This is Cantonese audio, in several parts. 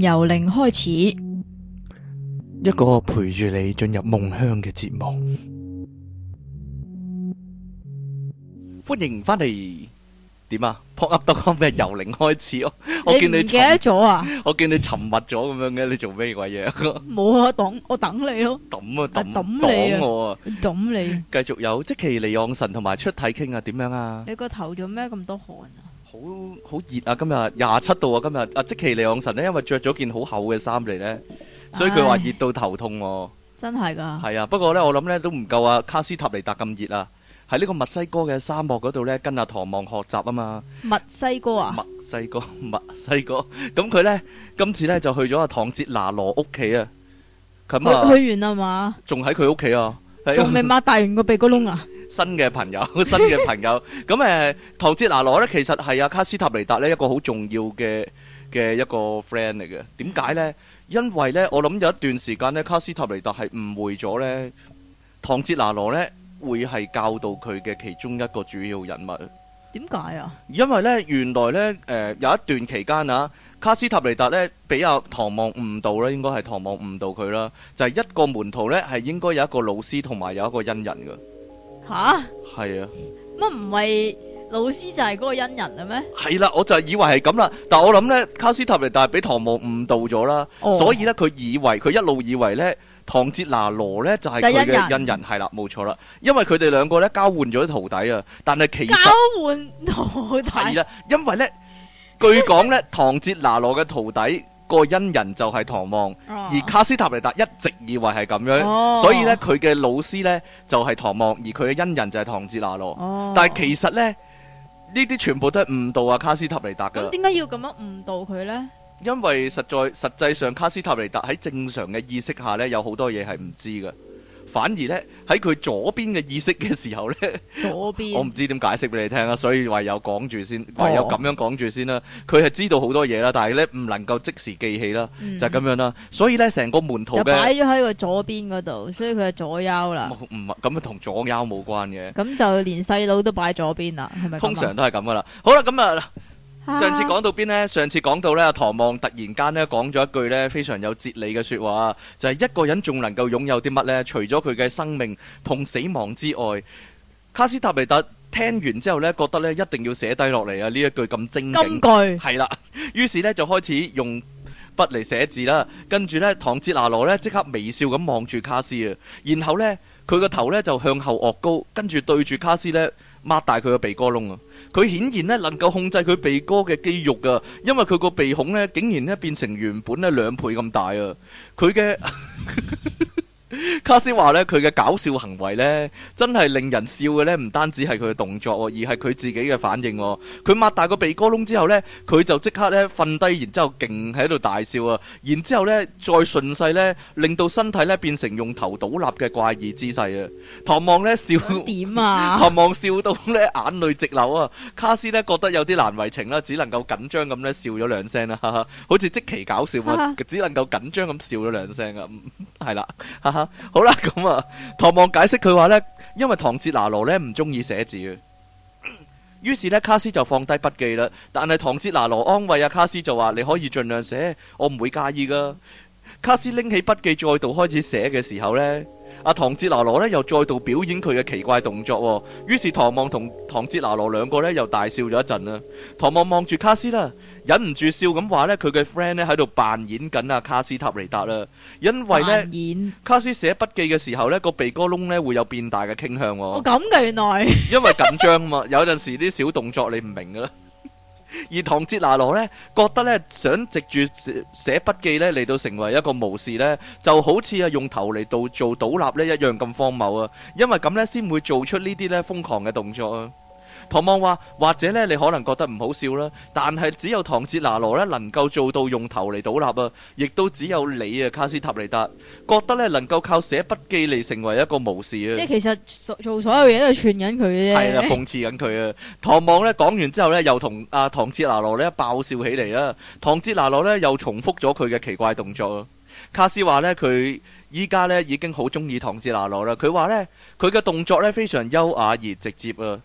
由零開始，一個陪住你進入夢鄉嘅節目。歡迎翻嚟，點啊？撲噏到講咩？由零開始哦！我見你唔記得咗啊！我見你沉默咗咁樣嘅，你做咩鬼嘢？冇啊，等我等你咯。抌啊抌！抌你啊！抌我啊！抌你。繼續有即其離盎神同埋出體傾啊？點樣啊？你個頭做咩咁多汗啊？好好熱啊！今日廿七度啊！今日阿即其利昂神咧，因為着咗件好厚嘅衫嚟，咧，所以佢話熱到頭痛。真係噶係啊！不過咧，我諗咧都唔夠阿卡斯塔尼達咁熱啊！喺呢個墨西哥嘅沙漠嗰度咧，跟阿唐望學習啊嘛。墨西哥啊！墨西哥，墨西哥！咁佢咧今次咧就去咗阿唐哲拿羅屋企啊！咁啊，去完啦嘛？仲喺佢屋企啊？仲未擘大完個鼻哥窿啊？新嘅朋友，新嘅朋友咁，誒，唐哲拿羅咧，其實係阿卡斯塔尼達咧一個好重要嘅嘅一個 friend 嚟嘅。點解咧？因為咧，我諗有一段時間咧，卡斯塔尼達係誤會咗咧，唐哲拿羅咧會係教導佢嘅其中一個主要人物。點解啊？因為咧，原來咧誒有一段期間啊，卡斯塔尼達咧俾阿唐望誤導咧，應該係唐望誤導佢啦。就係一個門徒咧，係應該有一個老師同埋有一個恩人㗎。吓？係啊，乜唔係老師就係嗰個恩人嘞咩？係啦，我就係以為係咁啦。但係我諗咧，卡斯塔尼達係俾唐望誤導咗啦，所以咧，佢以為佢一路以為咧，唐哲拿羅咧就係佢嘅恩人。係啦，冇錯啦，因為佢哋兩個咧交換咗徒弟啊。但係其實交換徒弟係啦，因為咧，據講咧，唐哲拿羅嘅徒弟。個恩人就係唐望，而卡斯塔尼達一直以為係咁樣，oh. 所以呢，佢嘅老師呢就係唐望，而佢嘅恩人就係唐哲拿羅。Oh. 但係其實呢，呢啲全部都係誤導阿卡斯塔尼達噶。咁點解要咁樣誤導佢呢？因為實在實際上卡斯塔尼達喺正常嘅意識下呢，有好多嘢係唔知噶。反而咧喺佢左邊嘅意識嘅時候咧，左邊？我唔知點解釋俾你聽啊，所以唯有講住先，唯有咁樣講住先啦。佢係知道好多嘢啦，但係咧唔能夠即時記起啦，嗯、就咁樣啦。所以咧成個門徒就擺咗喺個左邊嗰度，所以佢係左腰啦。唔唔，咁啊同左腰冇關嘅。咁就連細佬都擺左邊啦，係咪？通常都係咁噶啦。好啦，咁啊。上次講到邊呢？上次講到咧，阿唐望突然間咧講咗一句咧，非常有哲理嘅説話，就係一個人仲能夠擁有啲乜咧？除咗佢嘅生命同死亡之外，卡斯塔尼特聽完之後咧，覺得咧一定要寫低落嚟啊！呢一句咁精警，金句係啦。於是咧就開始用筆嚟寫字啦。跟住咧，唐哲拿羅咧即刻微笑咁望住卡斯啊。然後咧，佢個頭咧就向後擱高，跟住對住卡斯咧。擘大佢嘅鼻哥窿啊！佢顯然咧能夠控制佢鼻哥嘅肌肉啊，因為佢個鼻孔咧竟然咧變成原本咧兩倍咁大啊！佢嘅。卡斯話咧佢嘅搞笑行為咧，真係令人笑嘅咧，唔單止係佢嘅動作，而係佢自己嘅反應。佢擘大個鼻哥窿之後咧，佢就即刻咧瞓低，然之後勁喺度大笑啊！然之後咧再順勢咧，令到身體咧變成用頭倒立嘅怪異姿勢啊！唐望咧笑點啊！唐望笑到咧眼淚直流啊！卡斯咧覺得有啲難為情啦，只能夠緊張咁咧笑咗兩聲啦，哈哈，好似即期搞笑嘛，哈哈，只能夠緊張咁笑咗兩聲啊，係 啦，哈哈好啦，咁啊，唐望解釋佢話呢，因為唐哲拿羅呢唔中意寫字，於是呢，卡斯就放低筆記啦。但係唐哲拿羅安慰阿、啊、卡斯就話：你可以盡量寫，我唔會介意噶。卡斯拎起筆記再度開始寫嘅時候呢，阿唐哲拿羅咧又再度表演佢嘅奇怪動作，於是唐望同唐哲拿羅兩個咧又大笑咗一陣啦。唐望望住卡斯啦，忍唔住笑咁話咧，佢嘅 friend 咧喺度扮演緊阿卡斯塔尼達啦，因為呢演卡斯寫筆記嘅時候咧個鼻哥窿咧會有變大嘅傾向。我咁嘅原來 因為緊張嘛，有陣時啲小動作你唔明噶啦。而唐哲拿羅呢，覺得呢，想藉住寫筆記呢嚟到成為一個無視呢，就好似係用頭嚟到做倒立呢一樣咁荒謬啊！因為咁呢先會做出呢啲呢瘋狂嘅動作啊！唐望話：或者咧，你可能覺得唔好笑啦。但係只有唐哲拿羅咧能夠做到用頭嚟倒立啊！亦都只有你啊卡斯塔尼達，覺得咧能夠靠寫筆記嚟成為一個無事啊！即係其實做，做所有嘢都係串緊佢嘅，係啦，諷刺緊佢啊！唐望咧講完之後咧，又同阿、啊、唐哲拿羅咧爆笑起嚟啦、啊。唐哲拿羅咧又重複咗佢嘅奇怪動作、啊。卡斯話咧佢依家咧已經好中意唐哲拿羅啦。佢話咧佢嘅動作咧非常優雅而直接啊！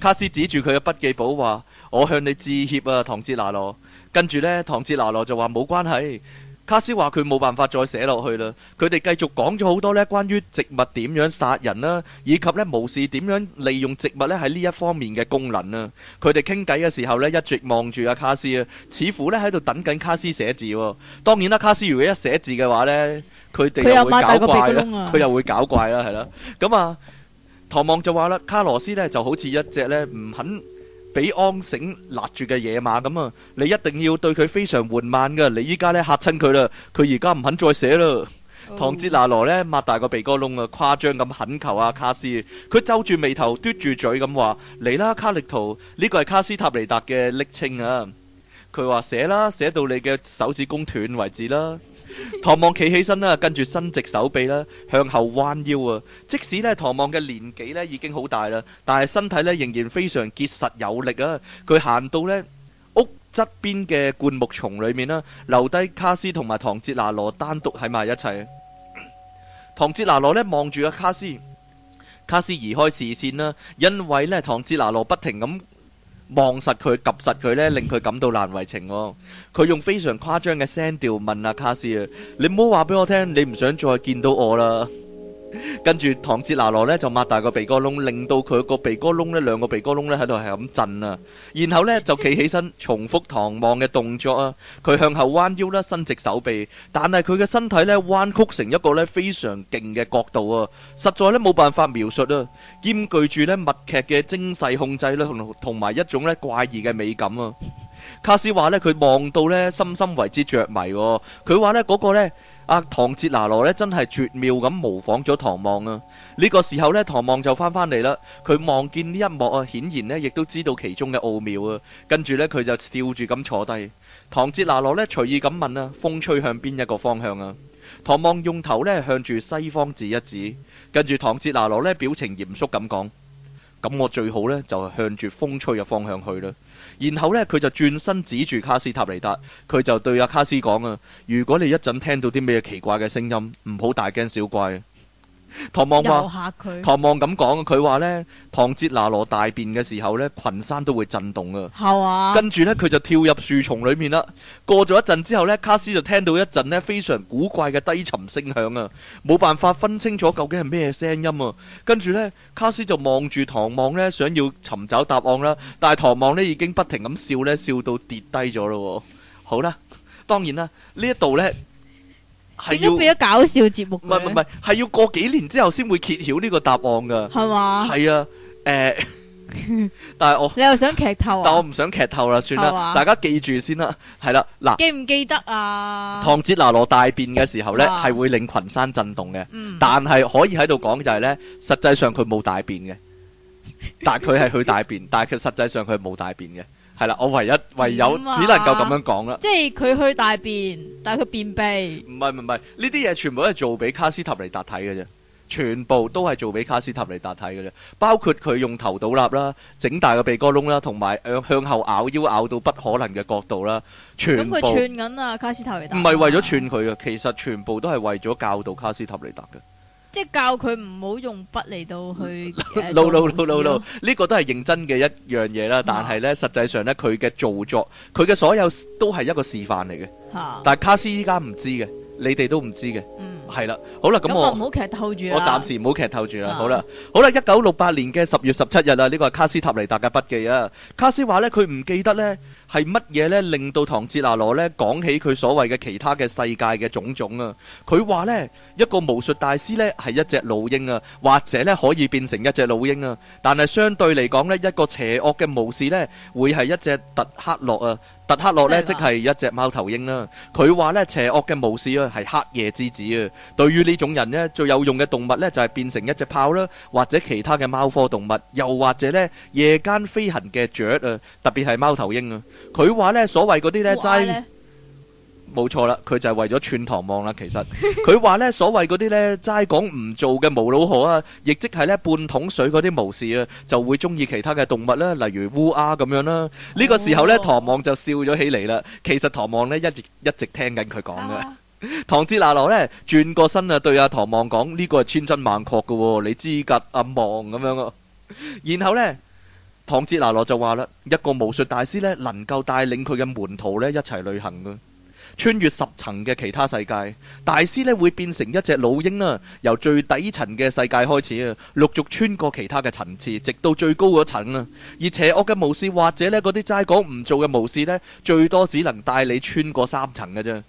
卡斯指住佢嘅筆記簿話：我向你致歉啊，唐哲拿羅。跟住呢，唐哲拿羅就話冇關係。卡斯話佢冇辦法再寫落去啦。佢哋繼續講咗好多呢關於植物點樣殺人啦、啊，以及呢巫士點樣利用植物呢喺呢一方面嘅功能啦、啊。佢哋傾偈嘅時候呢，一直望住阿卡斯啊，似乎呢喺度等緊卡斯寫字、啊。當然啦，卡斯如果一寫字嘅話呢，佢哋又買大個八佢又會搞怪啦，係啦，咁啊。唐望就話啦，卡羅斯咧就好似一隻咧唔肯俾鞍繩勒住嘅野馬咁啊，你一定要對佢非常緩慢噶，你依家呢，吓親佢啦，佢而家唔肯再寫啦。嗯、唐哲拿羅呢擘大個鼻哥窿啊，誇張咁懇求阿、啊、卡斯，佢皺住眉頭嘟住嘴咁話：嚟啦，卡力圖，呢、這個係卡斯塔尼達嘅昵稱啊。佢話寫啦，寫到你嘅手指公斷為止啦。唐望企起身啦，跟住伸直手臂啦，向後彎腰啊！即使咧唐望嘅年紀咧已經好大啦，但係身體咧仍然非常結實有力啊！佢行到咧屋側邊嘅灌木叢裏面啦，留低卡斯同埋唐哲拿羅單獨喺埋一齊。唐哲拿羅咧望住阿卡斯，卡斯移開視線啦，因為咧唐哲拿羅不停咁。望實佢，及實佢咧，令佢感到難為情，哦。佢用非常誇張嘅聲調問阿、啊、卡斯：你唔好話俾我聽，你唔想再見到我啦。跟住唐哲拿羅咧就擘大個鼻哥窿，令到佢個鼻哥窿咧兩個鼻哥窿咧喺度係咁震啊！然後咧就企起身，重複唐望嘅動作啊！佢向後彎腰啦，伸直手臂，但係佢嘅身體咧彎曲成一個咧非常勁嘅角度啊！實在咧冇辦法描述啊！兼具住咧默劇嘅精細控制咧，同同埋一種咧怪異嘅美感啊！卡斯話咧佢望到咧深深為之着迷，佢話咧嗰個咧。阿、啊、唐哲拿羅咧真係絕妙咁模仿咗唐望啊！呢、呢個時候咧，唐望就翻返嚟啦。佢望見呢一幕啊，顯然呢亦都知道其中嘅奧妙啊。跟住呢，佢就笑住咁坐低。唐哲拿羅呢隨意咁問啊，風吹向邊一個方向啊？唐望用頭呢向住西方指一指。跟住唐哲拿羅呢，表情嚴肅咁講。咁我最好呢，就向住風吹嘅方向去啦。然後呢，佢就轉身指住卡斯塔尼達，佢就對阿卡斯講啊：如果你一陣聽到啲咩奇怪嘅聲音，唔好大驚小怪。唐望話，唐望咁講，佢話呢，唐哲拿羅大便嘅時候呢，群山都會震動啊。係啊，跟住呢，佢就跳入樹叢裏面啦。過咗一陣之後呢，卡斯就聽到一陣呢，非常古怪嘅低沉聲響啊，冇辦法分清楚究竟係咩聲音啊。跟住呢，卡斯就望住唐望呢，想要尋找答案啦。但係唐望呢已經不停咁笑呢，笑到跌低咗咯。好啦，當然啦，呢一度呢。點解變咗搞笑節目咧？唔係唔係，係要過幾年之後先會揭曉呢個答案噶，係嘛嗎？係啊，誒、欸， 但係我 你又想劇透、啊？但我唔想劇透啦，算啦，嗎大家記住先、啊、啦，係啦，嗱，記唔記得啊？唐哲拿羅大便嘅時候咧，係哇會令群山震動嘅，嗯、但係可以喺度講就係咧，實際上佢冇大便嘅， 但係佢係去大便， 但係佢實際上佢係冇大便嘅。係啦，我唯一唯有、嗯啊、只能夠咁樣講啦。即係佢去大便，但係佢便秘。唔係唔係，呢啲嘢全部都係做俾卡斯塔尼達睇嘅啫，全部都係做俾卡斯塔尼達睇嘅啫。包括佢用頭倒立啦，整大個鼻哥窿啦，同埋向向後咬腰，咬腰咬到不可能嘅角度啦，全部。咁佢串緊啊卡斯塔尼達。唔係為咗串佢嘅，其實全部都係為咗教導卡斯塔尼達嘅。即係教佢唔好用筆嚟到去。 呃、no no no no no，呢個都係認真嘅一樣嘢啦。 但係咧，實際上咧，佢嘅做作，佢嘅所有都係一個示範嚟嘅。 但係卡斯依家唔知嘅，你哋都唔知嘅。嗯，係 啦，好啦，咁我唔好劇透住啦。我暫時唔好劇透住啦。啦 好啦，好啦，一九六八年嘅十月十七日啊，呢、這個係卡斯塔尼達嘅筆記啊。卡斯話咧，佢唔記得咧。係乜嘢咧？令到唐哲拿羅咧講起佢所謂嘅其他嘅世界嘅種種啊？佢話呢，一個巫術大師呢係一隻老鷹啊，或者呢可以變成一隻老鷹啊，但係相對嚟講呢，一個邪惡嘅巫士呢會係一隻特克諾啊。特克洛呢，即係一隻貓頭鷹啦、啊，佢話呢，邪惡嘅巫師啊係黑夜之子啊，對於呢種人呢，最有用嘅動物呢，就係、是、變成一隻豹啦、啊，或者其他嘅貓科動物，又或者呢，夜間飛行嘅雀啊，特別係貓頭鷹啊，佢話呢，所謂嗰啲呢，齋呢。就是冇錯啦，佢就係為咗串唐望啦。其實佢話呢，所謂嗰啲呢齋講唔做嘅無腦賀啊，亦即係呢半桶水嗰啲巫師啊，就會中意其他嘅動物啦，例如烏鴉咁樣啦、啊。呢個時候呢，哦、唐望就笑咗起嚟啦。其實唐望呢一,一直一直聽緊佢講嘅。啊、唐哲拿羅呢，轉過身啊，對阿唐望講：呢、這個係千真萬確嘅喎，你知㗎，阿望咁樣啊。然後呢，唐哲拿羅就話啦：一個巫術大師呢，能夠帶領佢嘅門徒呢一齊旅，旅行嘅。穿越十層嘅其他世界，大師咧，會變成一隻老鷹啦。由最底層嘅世界開始啊，陸續穿過其他嘅層次，直到最高嗰層啦。而邪惡嘅巫師，或者呢嗰啲齋講唔做嘅巫師，呢最多只能帶你穿過三層嘅啫。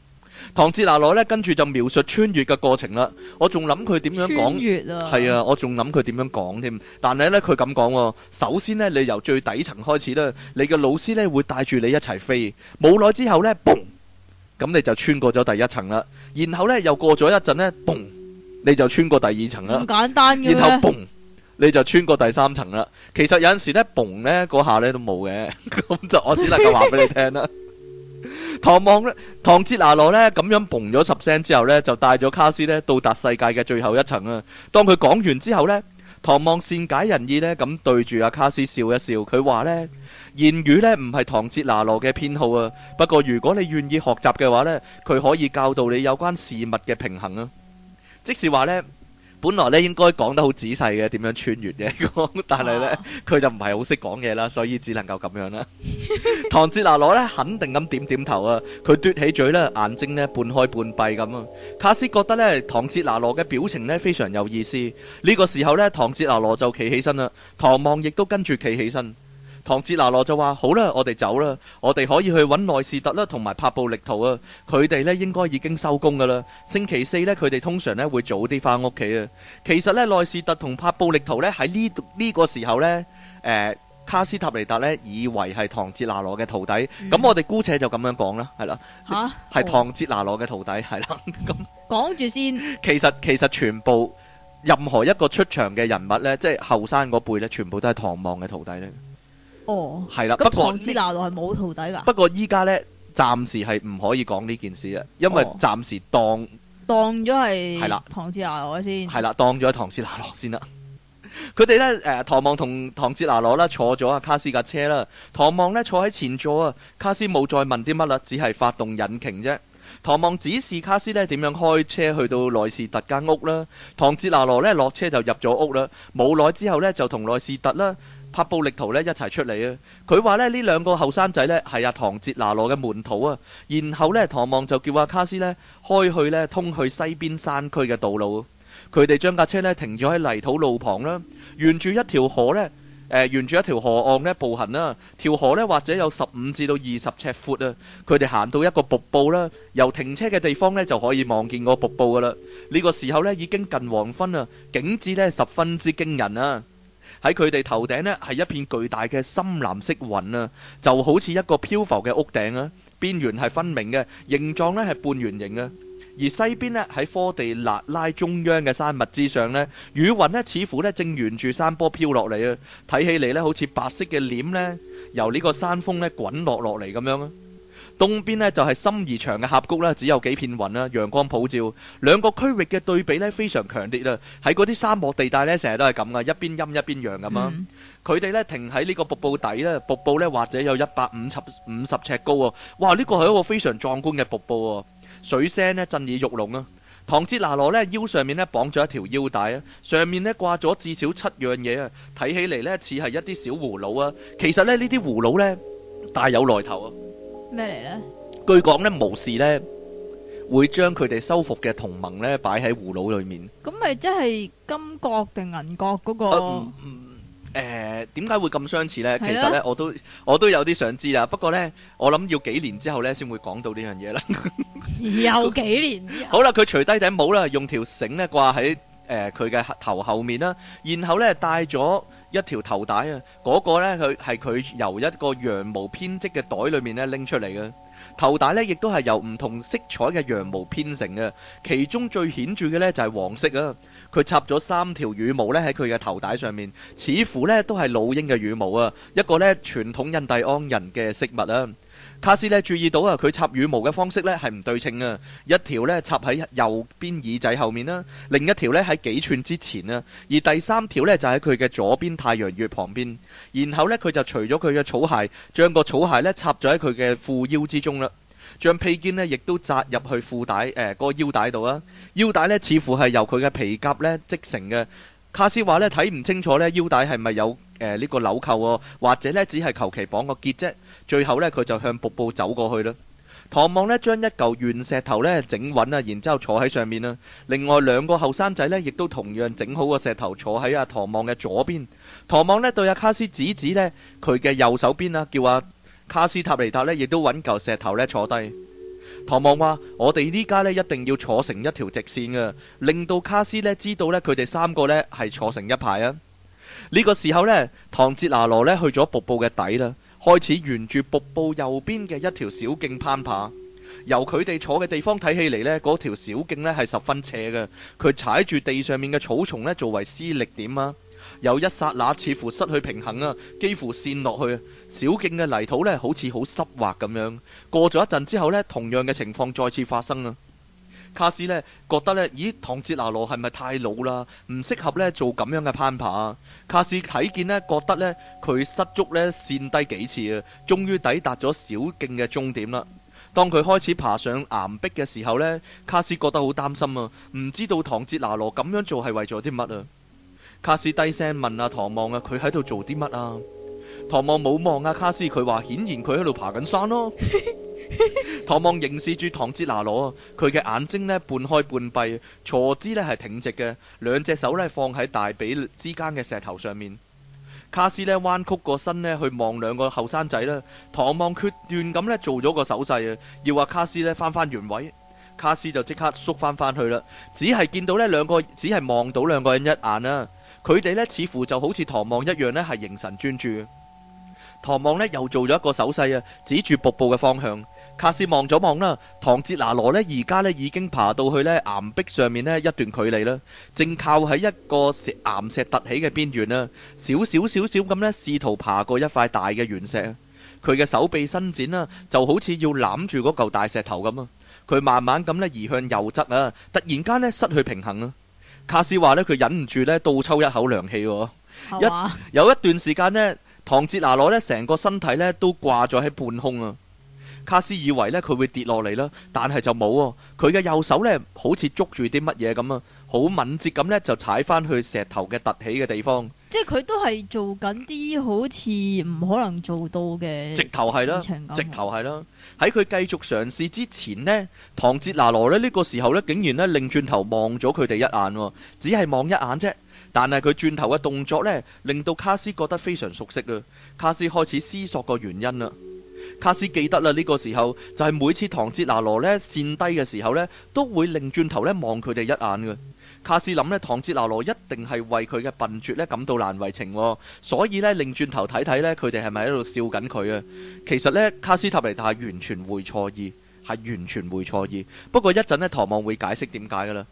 唐哲拿羅呢，跟住就描述穿越嘅過程啦。我仲諗佢點樣講係啊，我仲諗佢點樣講添。但係呢，佢咁講，首先呢，你由最底層開始啦，你嘅老師呢會帶住你一齊飛。冇耐之後呢。嘣！咁你就穿過咗第一層啦，然後呢，又過咗一陣呢，嘣，你就穿過第二層啦。咁簡單嘅，然後嘣，你就穿過第三層啦。其實有陣時呢，嘣呢嗰下呢都冇嘅，咁 就我只能夠話俾你聽啦。 唐望唐哲拿羅呢，咁樣嘣咗十聲之後呢，就帶咗卡斯呢到達世界嘅最後一層啦。當佢講完之後呢。唐望善解人意呢，咁對住阿卡斯笑一笑。佢話呢，言語呢，唔係唐哲拿羅嘅偏好啊。不過如果你願意學習嘅話呢，佢可以教導你有關事物嘅平衡啊。即是話呢。」本來咧應該講得好仔細嘅，點樣穿越嘅，但係咧佢就唔係好識講嘢啦，所以只能夠咁樣啦。 唐哲拿羅咧肯定咁點點頭啊，佢嘟起嘴咧，眼睛咧半開半閉咁啊。卡斯覺得咧唐哲拿羅嘅表情咧非常有意思。呢、這個時候咧唐哲拿羅就企起身啦，唐望亦都跟住企起身。唐哲拿羅就話好啦，我哋走啦。我哋可以去搵內士特啦，同埋帕布力圖啊。佢哋咧應該已經收工噶啦。星期四呢，佢哋通常咧會早啲翻屋企啊。其實咧，內士特同帕布力圖呢，喺呢呢個時候呢，誒、呃，卡斯塔尼達呢，以為係唐哲拿羅嘅徒弟。咁、嗯、我哋姑且就咁樣講啦，係啦吓，係是的唐哲拿羅嘅徒弟係啦。咁講住先。其實其實全部任何一個出場嘅人物呢，即係後生嗰輩呢，全部都係唐望嘅徒弟咧。哦，係啦的。不過唐哲拿羅係冇徒弟噶。不過依家呢，暫時係唔可以講呢件事啊，因為暫時當、哦、的當咗係係啦，唐哲拿羅先係啦，當咗唐哲拿羅先啦。佢哋 呢，誒，唐望同唐哲拿羅啦，坐咗阿卡斯架車啦。唐望呢坐喺前座啊，卡斯冇再問啲乜啦，只係發動引擎啫。唐望指示卡斯呢點樣開車去到奈士特間屋啦。唐哲拿羅呢落車就入咗屋啦。冇耐之後呢，就同奈士特啦。拍布力圖咧一齊出嚟啊！佢話咧呢兩個後生仔呢係阿唐哲拿羅嘅門徒啊，然後呢，唐望就叫阿卡斯呢開去呢通去西邊山區嘅道路。佢哋將架車呢停咗喺泥土路旁啦，沿住一條河呢，誒、呃、沿住一條河岸呢步行啊。條河呢或者有十五至到二十尺闊啊。佢哋行到一個瀑布啦，由停車嘅地方呢就可以望見個瀑布噶啦。呢、呢個時候呢已經近黃昏啊，景緻呢十分之驚人啊！喺佢哋頭頂呢，係一片巨大嘅深藍色雲啊，就好似一個漂浮嘅屋頂啊，邊緣係分明嘅，形狀呢係半圓形啊。而西邊呢，喺科地納拉中央嘅山脈之上呢，雨雲呢似乎呢正沿住山坡飄落嚟啊，睇起嚟呢，好似白色嘅簾呢，由呢個山峰呢滾落落嚟咁樣啊。東邊咧就係深而長嘅峽谷咧，只有幾片雲啦，陽光普照。兩個區域嘅對比咧非常強烈啦。喺嗰啲沙漠地帶咧，成日都係咁噶，一邊陰一邊陽咁啊。佢哋咧停喺呢個瀑布底咧，瀑布咧或者有一百五十五十尺高啊！哇，呢個係一個非常壯觀嘅瀑布啊！水聲咧震耳欲聾啊！唐哲拿羅咧腰上面咧綁咗一條腰帶啊，上面咧掛咗至少七樣嘢啊，睇起嚟咧似係一啲小葫蘆啊，其實咧呢啲葫蘆咧大有來頭啊！咩嚟咧？據講咧，巫士咧會將佢哋收服嘅同盟咧擺喺葫蘆裏面。咁咪即係金國定銀國嗰個？誒，點解會咁相似咧？其實咧，我都我都有啲想知啦。不過咧，我諗要幾年之後咧先會講到呢樣嘢啦。又幾年之後？好啦，佢除低頂帽啦，用條繩咧掛喺誒佢嘅頭後面啦，然後咧帶咗，一條頭帶啊，嗰、嗰個呢，佢係佢由一個羊毛編織嘅袋裏面咧拎出嚟嘅頭帶呢，亦都係由唔同色彩嘅羊毛編成嘅，其中最顯著嘅呢，就係黃色啊，佢插咗三條羽毛呢，喺佢嘅頭帶上面，似乎呢都係老鷹嘅羽毛啊，一個呢，傳統印第安人嘅飾物啊。卡斯呢注意到啊，佢插羽毛嘅方式呢，係唔對稱啊，一條呢插喺右邊耳仔後面啦，另一條呢喺幾寸之前啊，而第三條呢就喺佢嘅左邊太陽穴旁邊。然後呢，佢就除咗佢嘅草鞋，將個草鞋呢插咗喺佢嘅褲腰之中啦，將披肩呢亦都紮入去褲帶誒個腰帶度啊。腰帶呢似乎係由佢嘅皮夾呢織成嘅。卡斯話呢，睇唔清楚呢腰帶係咪有。誒，呢、呃呢個扭扣喎，或者呢，只係求其綁個結啫。最後呢，佢就向瀑布走過去啦。唐望呢，將一嚿圓石頭呢整穩啊，然之後坐喺上面啦。另外兩個後生仔呢，亦都同樣整好個石頭坐喺阿唐望嘅左邊。唐望呢對阿、啊、卡斯指指呢，佢嘅右手邊啊，叫阿、啊、卡斯塔尼塔呢，亦都揾嚿石頭呢坐低。唐望話：我哋呢家呢，一定要坐成一條直線啊，令到卡斯呢知道呢，佢哋三個呢係坐成一排啊。呢個時候呢，唐哲拿羅咧去咗瀑布嘅底啦，開始沿住瀑布右邊嘅一條小徑攀爬。由佢哋坐嘅地方睇起嚟，呢嗰條小徑呢係十分斜嘅。佢踩住地上面嘅草叢咧作為施力點啊。有一剎那似乎失去平衡啊，幾乎跣落去。小徑嘅泥土呢好似好濕滑咁樣。過咗一陣之後呢，同樣嘅情況再次發生啊。卡斯咧覺得咧，咦，唐哲拿羅係咪太老啦？唔適合咧做咁樣嘅攀爬啊。卡斯睇見咧，覺得咧佢失足咧，跣低幾次啊！終於抵達咗小徑嘅終點啦。當佢開始爬上岩壁嘅時候呢，卡斯覺得好擔心啊！唔知道唐哲拿羅咁樣做係為咗啲乜啊？卡斯低聲問阿、啊、唐望啊，佢喺度做啲乜啊？唐望冇望啊，卡斯佢話，顯然佢喺度爬緊山咯啊。 唐望凝視住唐哲拿羅，佢嘅眼睛咧半開半閉，坐姿咧係挺直嘅，兩隻手咧放喺大髀之間嘅石頭上面。卡斯咧彎曲個身咧去望兩個後生仔啦。唐望決斷咁咧做咗個手勢啊，要話卡斯咧翻返原位。卡斯就即刻縮翻翻去啦，只係見到咧兩個，只係望到兩個人一眼啦。佢哋咧似乎就好似唐望一樣咧係凝神專注。唐望咧又做咗一個手勢啊，指住瀑布嘅方向。卡斯望咗望啦，唐哲拿羅呢而家呢已經爬到去呢岩壁上面呢一段距離啦，正靠喺一個石岩石突起嘅邊緣啦，少少少少咁呢，試圖爬過一塊大嘅圓石，佢嘅手臂伸展啦，就好似要攬住嗰嚿大石頭咁啊！佢慢慢咁呢移向右側啊，突然間呢失去平衡啊！卡斯話呢，佢忍唔住呢倒抽一口涼氣， 有一段時間呢，唐哲拿羅呢成個身體呢都掛咗喺半空啊！卡斯以為咧佢會跌落嚟啦，但係就冇喎。佢嘅右手咧好似捉住啲乜嘢咁啊，好敏捷咁咧就踩翻去石頭嘅凸起嘅地方。即係佢都係做緊啲好似唔可能做到嘅直頭係啦，直頭係啦。喺佢繼續嘗試之前呢，唐哲拿羅呢，呢個時候咧竟然咧擰轉頭望咗佢哋一眼喎，只係望一眼啫。但係佢轉頭嘅動作咧令到卡斯覺得非常熟悉啊。卡斯開始思索個原因啦。卡斯記得啦，呢個時候就係每次唐哲拿羅呢跣低嘅時候呢，都會擰轉頭呢望佢哋一眼嘅。卡斯諗呢，唐哲拿羅一定係為佢嘅笨拙呢感到難為情，所以呢，擰轉頭睇睇呢，佢哋係咪喺度笑緊佢啊？其實呢，卡斯塔尼達完全會錯意，係完全會錯意。不過一陣呢，唐望會解釋點解噶啦。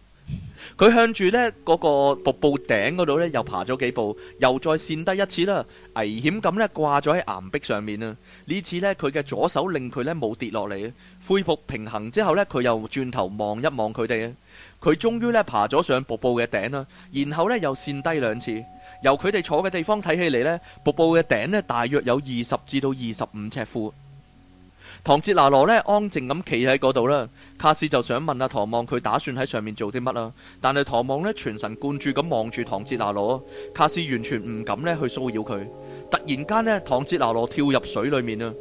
佢向住呢嗰個瀑布頂嗰度呢，又爬咗幾步，又再跣低一次啦，危險咁呢，掛咗喺岩壁上面啦。呢次呢，佢嘅左手令佢呢冇跌落嚟，恢復平衡之後呢，佢又轉頭望一望佢哋啊。佢終於呢爬咗上瀑布嘅頂啦，然後呢，又跣低兩次。由佢哋坐嘅地方睇起嚟呢，瀑布嘅頂呢，大約有二十至到二十五尺闊。唐哲拿羅呢，安靜咁企喺嗰度啦，卡斯就想問阿、啊、唐望佢打算喺上面做啲乜啊？但係唐望呢，全神貫注咁望住唐哲拿羅，卡斯完全唔敢呢去騷擾佢。突然間呢，唐哲拿羅跳入水裏面啊。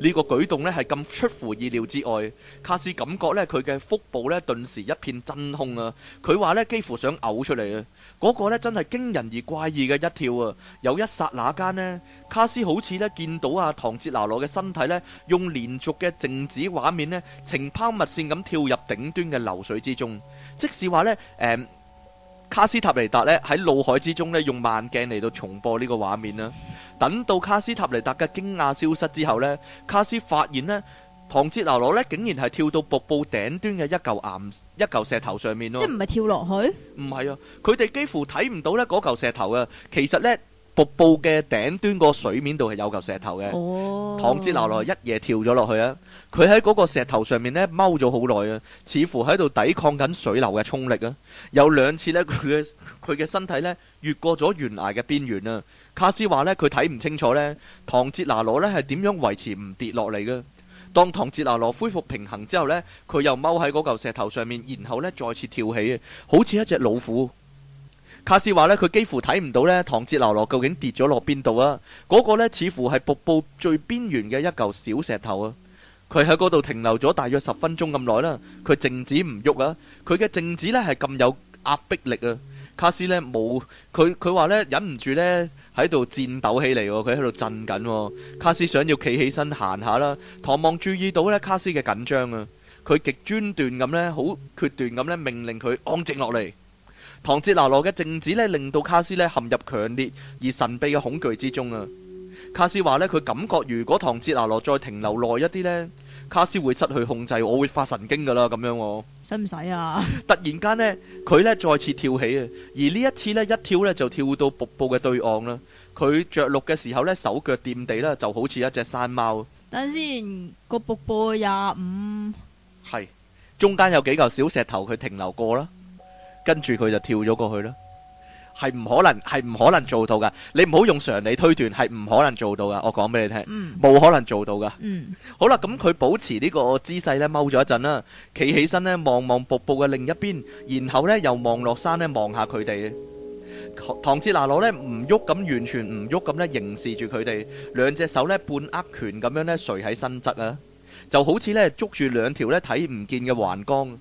呢個舉動咧係咁出乎意料之外，卡斯感覺咧佢嘅腹部咧頓時一片真空啊！佢話咧幾乎想嘔出嚟啊！嗰個咧真係驚人而怪異嘅一跳啊！有一剎那間咧，卡斯好似咧見到阿唐哲拿羅嘅身體咧，用連續嘅靜止畫面咧，呈拋物線咁跳入頂端嘅流水之中，即使話咧誒。卡斯塔尼達咧喺腦海之中咧用慢鏡嚟到重播呢個畫面啦，等到卡斯塔尼達嘅驚訝消失之後呢，卡斯發現呢，唐哲拿羅咧竟然係跳到瀑布頂端嘅一嚿岩一嚿石頭上面咯，即係唔係跳落去？唔係啊，佢哋幾乎睇唔到呢嗰嚿石頭啊。其實呢。瀑布嘅頂端個水面度係有嚿石頭嘅，唐哲拿羅一夜跳咗落去啊！佢喺嗰個石頭上面咧踎咗好耐啊，似乎喺度抵抗緊水流嘅衝力啊！有兩次咧，佢嘅佢嘅身體咧越過咗懸崖嘅邊緣啊！卡斯話咧佢睇唔清楚咧，唐哲拿羅咧係點樣維持唔跌落嚟嘅？當唐哲拿羅恢復平衡之後咧，佢又踎喺嗰嚿石頭上面，然後咧再次跳起，好似一隻老虎。卡斯話咧，佢幾乎睇唔到咧，唐哲拿羅究竟跌咗落邊度啊？嗰、那個咧似乎係瀑布最邊緣嘅一嚿小石頭啊！佢喺嗰度停留咗大約十分鐘咁耐啦，佢靜止唔喐啊！佢嘅靜止咧係咁有壓迫力啊！卡斯呢冇佢，佢話咧忍唔住咧喺度戰抖起嚟喎，佢喺度震緊喎。卡斯想要企起身行下啦，唐望注意到咧卡斯嘅緊張啊，佢極專斷咁咧，好決斷咁咧命令佢安靜落嚟。唐哲拿羅嘅靜止咧，令到卡斯咧陷入強烈而神秘嘅恐懼之中啊！卡斯話咧，佢感覺如，如果唐哲拿羅再停留耐一啲呢，卡斯會失去控制，我會發神經噶啦咁樣。使唔使啊？ 突然間呢，佢呢再次跳起啊！而呢一次呢，一跳呢就跳到瀑布嘅對岸啦。佢着陸嘅時候呢，手腳掂地啦，就好似一隻山貓。等先，個瀑布廿五。係，中間有幾嚿小石頭，佢停留過啦。跟住佢就跳咗過去啦，係唔可能，係唔可能做到噶。你唔好用常理推斷，係唔可能做到噶。我講俾你聽，嗯，冇可能做到噶。嗯，好啦，咁佢保持呢個姿勢咧，踎咗一陣啦，企起身咧，望望瀑布嘅另一邊，然後咧又望落山咧，望下佢哋。唐哲拿羅咧唔喐咁，完全唔喐咁咧凝視住佢哋，兩隻手咧半握拳咁樣咧垂喺身側啊，就好似咧捉住兩條咧睇唔見嘅橫杆。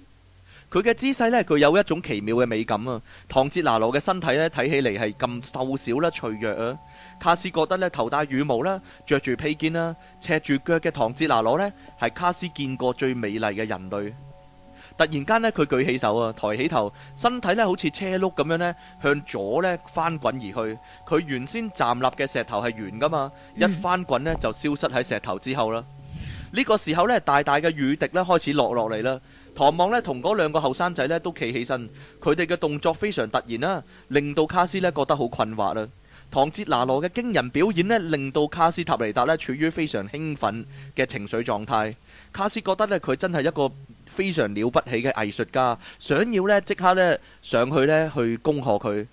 佢嘅姿勢呢，具有一種奇妙嘅美感啊！唐哲拿羅嘅身體呢，睇起嚟係咁瘦小啦，脆弱啊！卡斯覺得呢，頭戴羽毛啦，着住披肩啦，啊，赤住腳嘅唐哲拿羅呢，係卡斯見過最美麗嘅人類。突然間呢，佢舉起手啊，抬起頭，身體呢好似車轆咁樣呢，向左呢，翻滾而去。佢原先站立嘅石頭係圓㗎嘛，一翻滾呢，就消失喺石頭之後啦。呢、這個時候呢，大大嘅雨滴呢，開始落落嚟啦。唐望咧同嗰兩個後生仔咧都企起身，佢哋嘅動作非常突然啦、啊，令到卡斯咧覺得好困惑啦。唐哲拿羅嘅驚人表演咧，令到卡斯塔尼達咧處於非常興奮嘅情緒狀態。卡斯覺得咧佢真係一個非常了不起嘅藝術家，想要咧即刻咧上去咧去恭賀佢。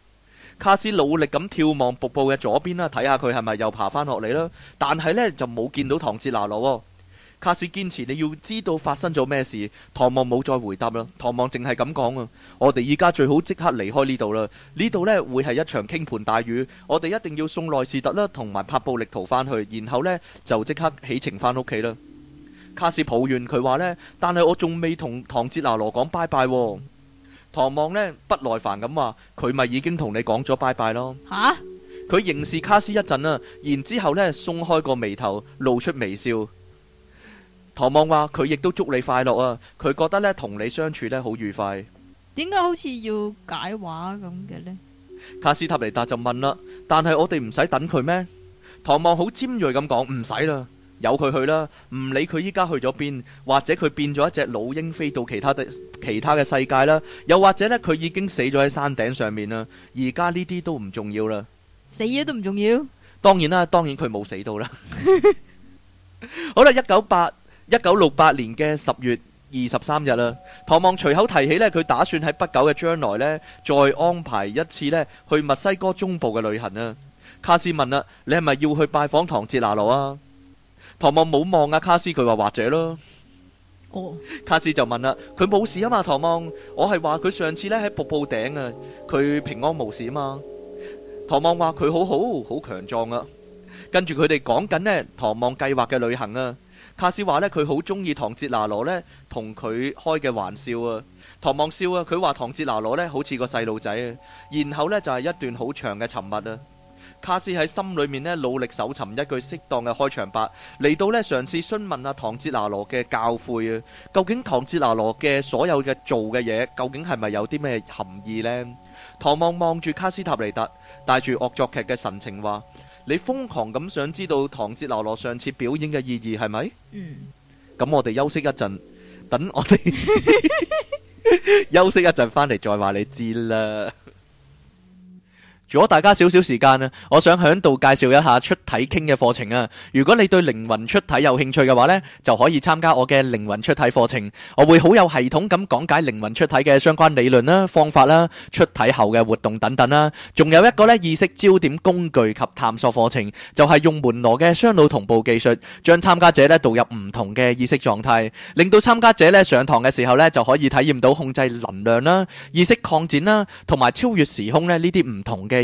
卡斯努力咁眺望瀑布嘅左邊啦，睇下佢係咪又爬翻落嚟啦，但係呢，就冇見到唐哲拿羅、哦。卡斯堅持你要知道發生咗咩事，唐望冇再回答啦。唐望淨係咁講啊，我哋依家最好即刻離開呢度啦。呢度呢會係一場傾盆大雨，我哋一定要送內士特啦，同埋拍布力圖返去，然後呢就即刻起程返屋企啦。卡斯抱怨佢話呢，但係我仲未同唐哲拿羅講拜拜喎。唐望呢不耐煩咁話，佢咪已經同你講咗拜拜咯。吓，佢凝視卡斯一陣啊，然之後咧鬆開個眉頭，露出微笑。唐望話佢亦都祝你快樂啊！佢覺得呢，同你相處呢，好愉快。點解好似要解畫咁嘅呢？卡斯塔尼達就問啦，但係我哋唔使等佢咩？唐望好尖銳咁講，唔使啦，由佢去啦，唔理佢依家去咗邊，或者佢變咗一隻老鷹飛到其他的其他嘅世界啦，又或者呢，佢已經死咗喺山頂上面啦，而家呢啲都唔重要啦。死咗都唔重要。當然啦，當然佢冇死到啦。 好啦，一九八。一九六八年嘅十月二十三日啦，唐望隨口提起呢，佢打算喺不久嘅將來呢，再安排一次呢去墨西哥中部嘅旅行啊。卡斯問啦：你係咪要去拜訪唐哲拿羅啊？唐望冇望啊，卡斯佢話或者咯。哦，oh. 卡斯就問啦，佢冇事啊嘛，唐望，我係話佢上次呢喺瀑布頂啊，佢平安無事啊嘛。唐望話佢好好，好強壯啊。跟住佢哋講緊呢，唐望計劃嘅旅行啊。卡斯話呢，佢好中意唐哲拿羅呢同佢開嘅玩笑啊。唐望笑啊，佢話唐哲拿羅呢好似個細路仔啊。然後呢，就係一段好長嘅沉默啊。卡斯喺心裏面呢，努力搜尋一句適當嘅開場白，嚟到呢，嘗試詢問阿唐哲拿羅嘅教誨啊，「究竟唐哲拿羅嘅所有嘅做嘅嘢，究竟係咪有啲咩含義呢？」唐望望住卡斯塔尼特，帶住惡作劇嘅神情話。你瘋狂咁想知道唐哲拿羅上次表演嘅意義係咪？咁、嗯、我哋休息一陣，等我哋 休息一陣翻嚟再話你知啦。如果大家有少少時間呢，我想喺度介紹一下出體傾嘅課程啊。如果你對靈魂出體有興趣嘅話呢，就可以參加我嘅靈魂出體課程。我會好有系統咁講解靈魂出體嘅相關理論啦、方法啦、出體後嘅活動等等啦。仲有一個呢意識焦點工具及探索課程，就係用門羅嘅雙腦同步技術，將參加者呢導入唔同嘅意識狀態，令到參加者呢上堂嘅時候呢就可以體驗到控制能量啦、意識擴展啦，同埋超越時空呢呢啲唔同嘅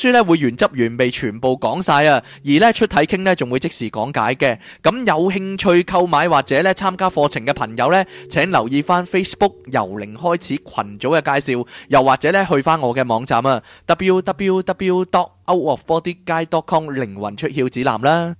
書咧會原汁原味全部講晒啊，而咧出體傾咧仲會即時講解嘅。咁有興趣購買或者咧參加課程嘅朋友咧，請留意翻 Facebook 由零開始群組嘅介紹，又或者咧去翻我嘅網站啊，www dot outofbodyguide dot com 靈魂出竅指南啦。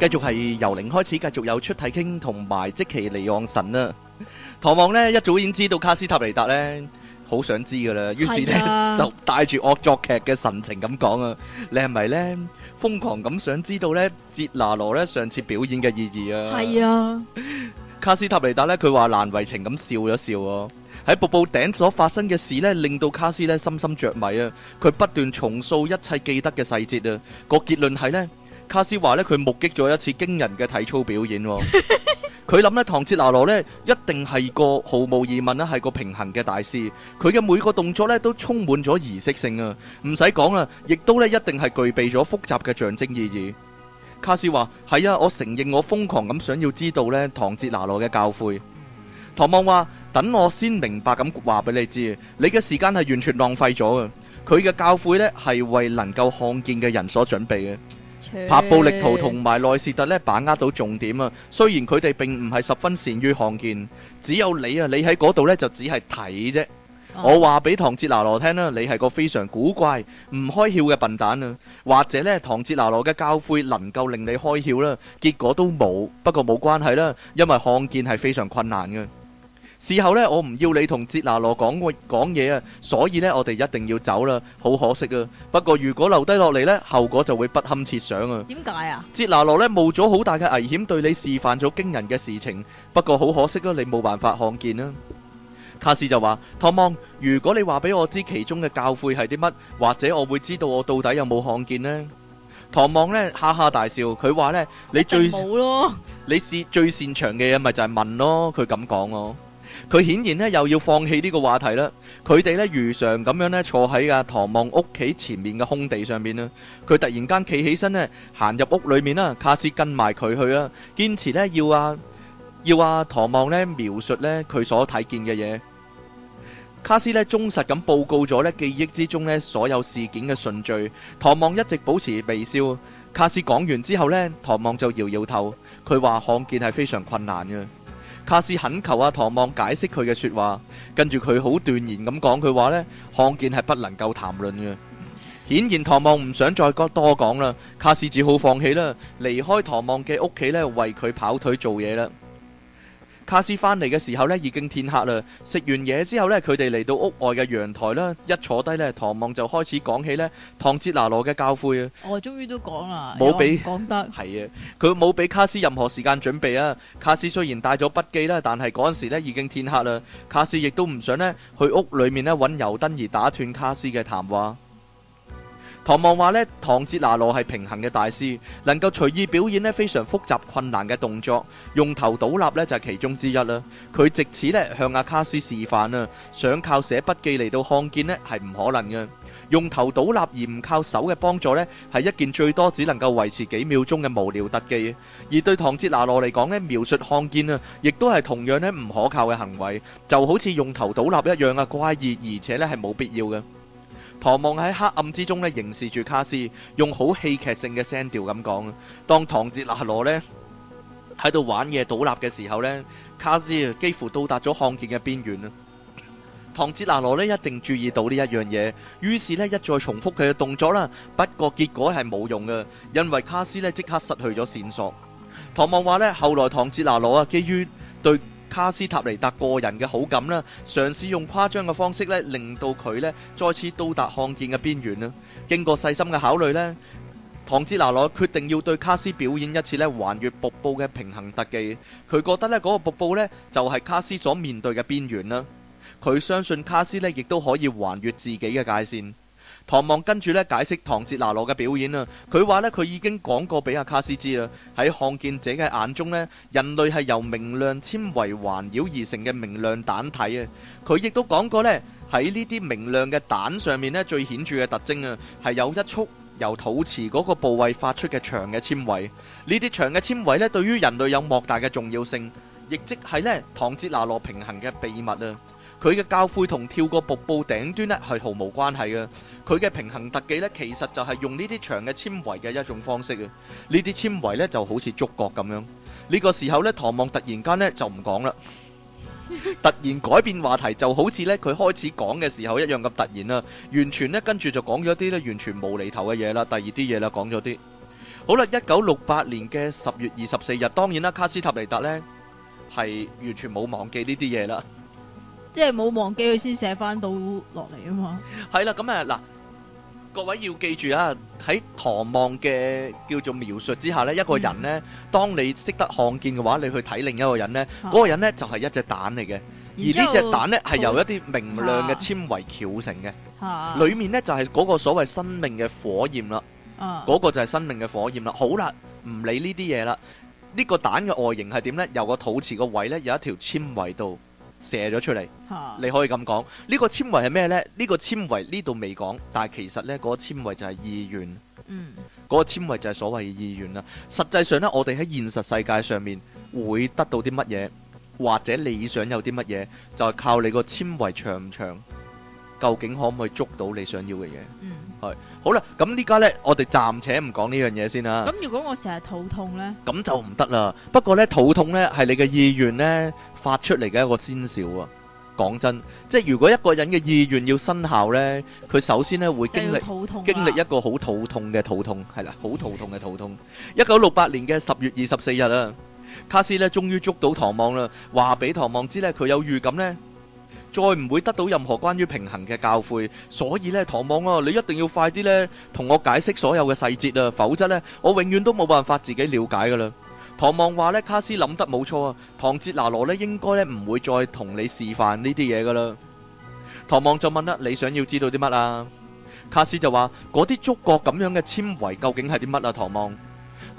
繼續係由零開始，繼續有出體傾同埋即奇尼望神啊，唐望呢一早已經知道卡斯塔尼達呢好想知噶啦，於是呢是、啊、就帶住惡作劇嘅神情咁講啊，你係咪呢？瘋狂咁想知道呢捷拿羅呢上次表演嘅意義啊？係啊，卡斯塔尼達呢，佢話難為情咁笑咗笑喎、啊。喺瀑布頂所發生嘅事呢，令到卡斯呢深深着迷啊。佢不斷重述一切記得嘅細節啊，那個結論係呢。卡斯話呢，佢目擊咗一次驚人嘅體操表演。佢諗呢，唐哲拿羅呢一定係個毫無疑問啦，係個平衡嘅大師。佢嘅每個動作呢都充滿咗儀式性啊，唔使講啦，亦都呢一定係具備咗複雜嘅象徵意義。卡斯話：係啊，我承認我瘋狂咁想要知道呢唐哲拿羅嘅教誨。唐望話：等我先明白咁話俾你知，你嘅時間係完全浪費咗啊！佢嘅教誨呢係為能夠看見嘅人所準備嘅。帕布力圖同埋內斯特咧，把握到重點啊！雖然佢哋並唔係十分善於看見，只有你啊，你喺嗰度咧就只係睇啫。哦、我話俾唐哲拿羅聽啦，你係個非常古怪、唔開竅嘅笨蛋啊！或者咧，唐哲拿羅嘅教誨能夠令你開竅啦，啊，結果都冇。不過冇關係啦，因為看見係非常困難嘅。事後呢，我唔要你同哲拿羅講講嘢啊，所以呢，我哋一定要走啦。好可惜啊！不過如果留低落嚟呢，後果就會不堪設想啊。點解啊？哲拿羅呢，冒咗好大嘅危險，對你示範咗驚人嘅事情。不過好可惜啊，你冇辦法看見啦、啊。卡斯就話：唐望，如果你話俾我知其中嘅教誨係啲乜，或者我會知道我到底有冇看見呢？」唐望呢，哈哈大笑，佢話呢：「你最好咯，你是最擅長嘅嘢咪就係問咯。佢咁講哦。佢顯然咧又要放棄呢個話題啦。佢哋咧如常咁樣咧坐喺阿唐望屋企前面嘅空地上面啦。佢突然間企起身咧，行入屋裏面啦。卡斯跟埋佢去啦，堅持咧要阿要阿、啊、唐望咧描述咧佢所睇見嘅嘢。卡斯咧忠實咁報告咗咧記憶之中咧所有事件嘅順序。唐望一直保持微笑。卡斯講完之後咧，唐望就搖搖頭。佢話看見係非常困難嘅。卡斯懇求阿唐望解釋佢嘅說話，跟住佢好斷言咁講，佢話呢，看見係不能夠談論嘅。顯然唐望唔想再多講啦，卡斯只好放棄啦，離開唐望嘅屋企呢，為佢跑腿做嘢啦。卡斯翻嚟嘅時候呢已經天黑啦。食完嘢之後呢，佢哋嚟到屋外嘅陽台啦，一坐低呢，唐望就開始講起呢唐哲拿羅嘅教誨啊。我終於都講啦，冇俾被講得係啊，佢冇俾卡斯任何時間準備啊。卡斯雖然帶咗筆記啦，但係嗰陣時呢已經天黑啦。卡斯亦都唔想呢去屋裏面呢揾油燈而打斷卡斯嘅談話。唐望話咧，唐哲拿羅係平衡嘅大師，能夠隨意表演咧非常複雜困難嘅動作，用頭倒立呢，就係其中之一啦。佢藉此咧向阿卡斯示範啦，想靠寫筆記嚟到看見呢，係唔可能嘅。用頭倒立而唔靠手嘅幫助呢，係一件最多只能夠維持幾秒鐘嘅無聊特技。而對唐哲拿羅嚟講呢，描述看見啊，亦都係同樣呢唔可靠嘅行為，就好似用頭倒立一樣啊怪異，而且呢係冇必要嘅。唐望喺黑暗之中咧凝視住卡斯，用好戲劇性嘅聲調咁講。當唐哲拿羅咧喺度玩嘢倒立嘅時候呢，卡斯幾乎到達咗看見嘅邊緣啦。唐哲拿羅咧一定注意到呢一樣嘢，於是呢一再重複佢嘅動作啦。不過結果係冇用嘅，因為卡斯咧即刻失去咗線索。唐望話呢後來唐哲拿羅啊，基於對。卡斯塔尼達個人嘅好感啦，嘗試用誇張嘅方式咧，令到佢咧再次到達悍劍嘅邊緣啦。經過細心嘅考慮呢，唐哲拿羅決定要對卡斯表演一次咧橫越瀑布嘅平衡特技。佢覺得呢嗰個瀑布呢，就係卡斯所面對嘅邊緣啦。佢相信卡斯呢，亦都可以橫越自己嘅界線。唐望跟住咧解釋唐哲拿羅嘅表演啦，佢話咧佢已經講過俾阿卡斯知啦，喺看見者嘅眼中呢，人類係由明亮纖維環繞而成嘅明亮蛋體啊。佢亦都講過呢，喺呢啲明亮嘅蛋上面呢，最顯著嘅特徵啊係有一束由肚臍嗰個部位發出嘅長嘅纖維。呢啲長嘅纖維呢，對於人類有莫大嘅重要性，亦即係呢唐哲拿羅平衡嘅秘密啊。佢嘅教誨同跳過瀑布頂端咧係毫無關係嘅，佢嘅平衡特技咧其實就係用呢啲長嘅纖維嘅一種方式嘅，呢啲纖維咧就好似觸角咁樣。呢、這個時候咧，唐望突然間咧就唔講啦，突然改變話題，就好似咧佢開始講嘅時候一樣咁突然啊，完全咧跟住就講咗啲咧完全無厘頭嘅嘢啦，第二啲嘢啦講咗啲。好啦，一九六八年嘅十月二十四日，當然啦，卡斯塔尼達呢係完全冇忘記呢啲嘢啦。即係冇忘記佢先寫翻到落嚟啊嘛！係啦，咁啊嗱，各位要記住啊！喺唐望嘅叫做描述之下咧，一個人咧，當你識得看見嘅話，你去睇另一個人咧，嗰個人咧就係一隻蛋嚟嘅，而呢隻蛋咧係由一啲明亮嘅纖維構成嘅，裏面咧就係嗰個所謂生命嘅火焰啦，嗰個就係生命嘅火焰啦。好啦，唔理呢啲嘢啦，呢個蛋嘅外形係點咧？由個肚臍個位咧有一條纖維度，射咗出嚟，哈你可以咁講，呢個纖維係咩呢？呢個纖維呢度未講，但係其實呢嗰個纖維就係意願，嗰、嗯、個纖維就係所謂意願啦。實際上呢，我哋喺現實世界上面會得到啲乜嘢，或者你想有啲乜嘢，就係靠你個纖維長唔長。究竟可唔可以捉到你想要嘅嘢？嗯，係好啦，咁呢家咧，我哋暫且唔講呢樣嘢先啦。咁如果我成日肚痛咧，咁就唔得啦。不過咧，肚痛咧係你嘅意願咧發出嚟嘅一個先兆啊。講真，即係如果一個人嘅意願要生效咧，佢首先咧會經歷肚痛，經歷一個好肚痛嘅肚痛，係啦，好肚痛嘅肚痛。一九六八年嘅十月二十四日啊，卡斯咧終於捉到唐望啦，話俾唐望知咧，佢有預感咧。再唔會得到任何關於平衡嘅教誨，所以咧，唐望啊，你一定要快啲咧，同我解釋所有嘅細節啊，否則咧，我永遠都冇辦法自己了解噶啦。唐望話咧，卡斯諗得冇錯啊，唐哲拿羅咧應該咧唔會再同你示範呢啲嘢噶啦。唐望就問啦，你想要知道啲乜啊？卡斯就話，嗰啲觸角咁樣嘅纖維究竟係啲乜啊？唐望。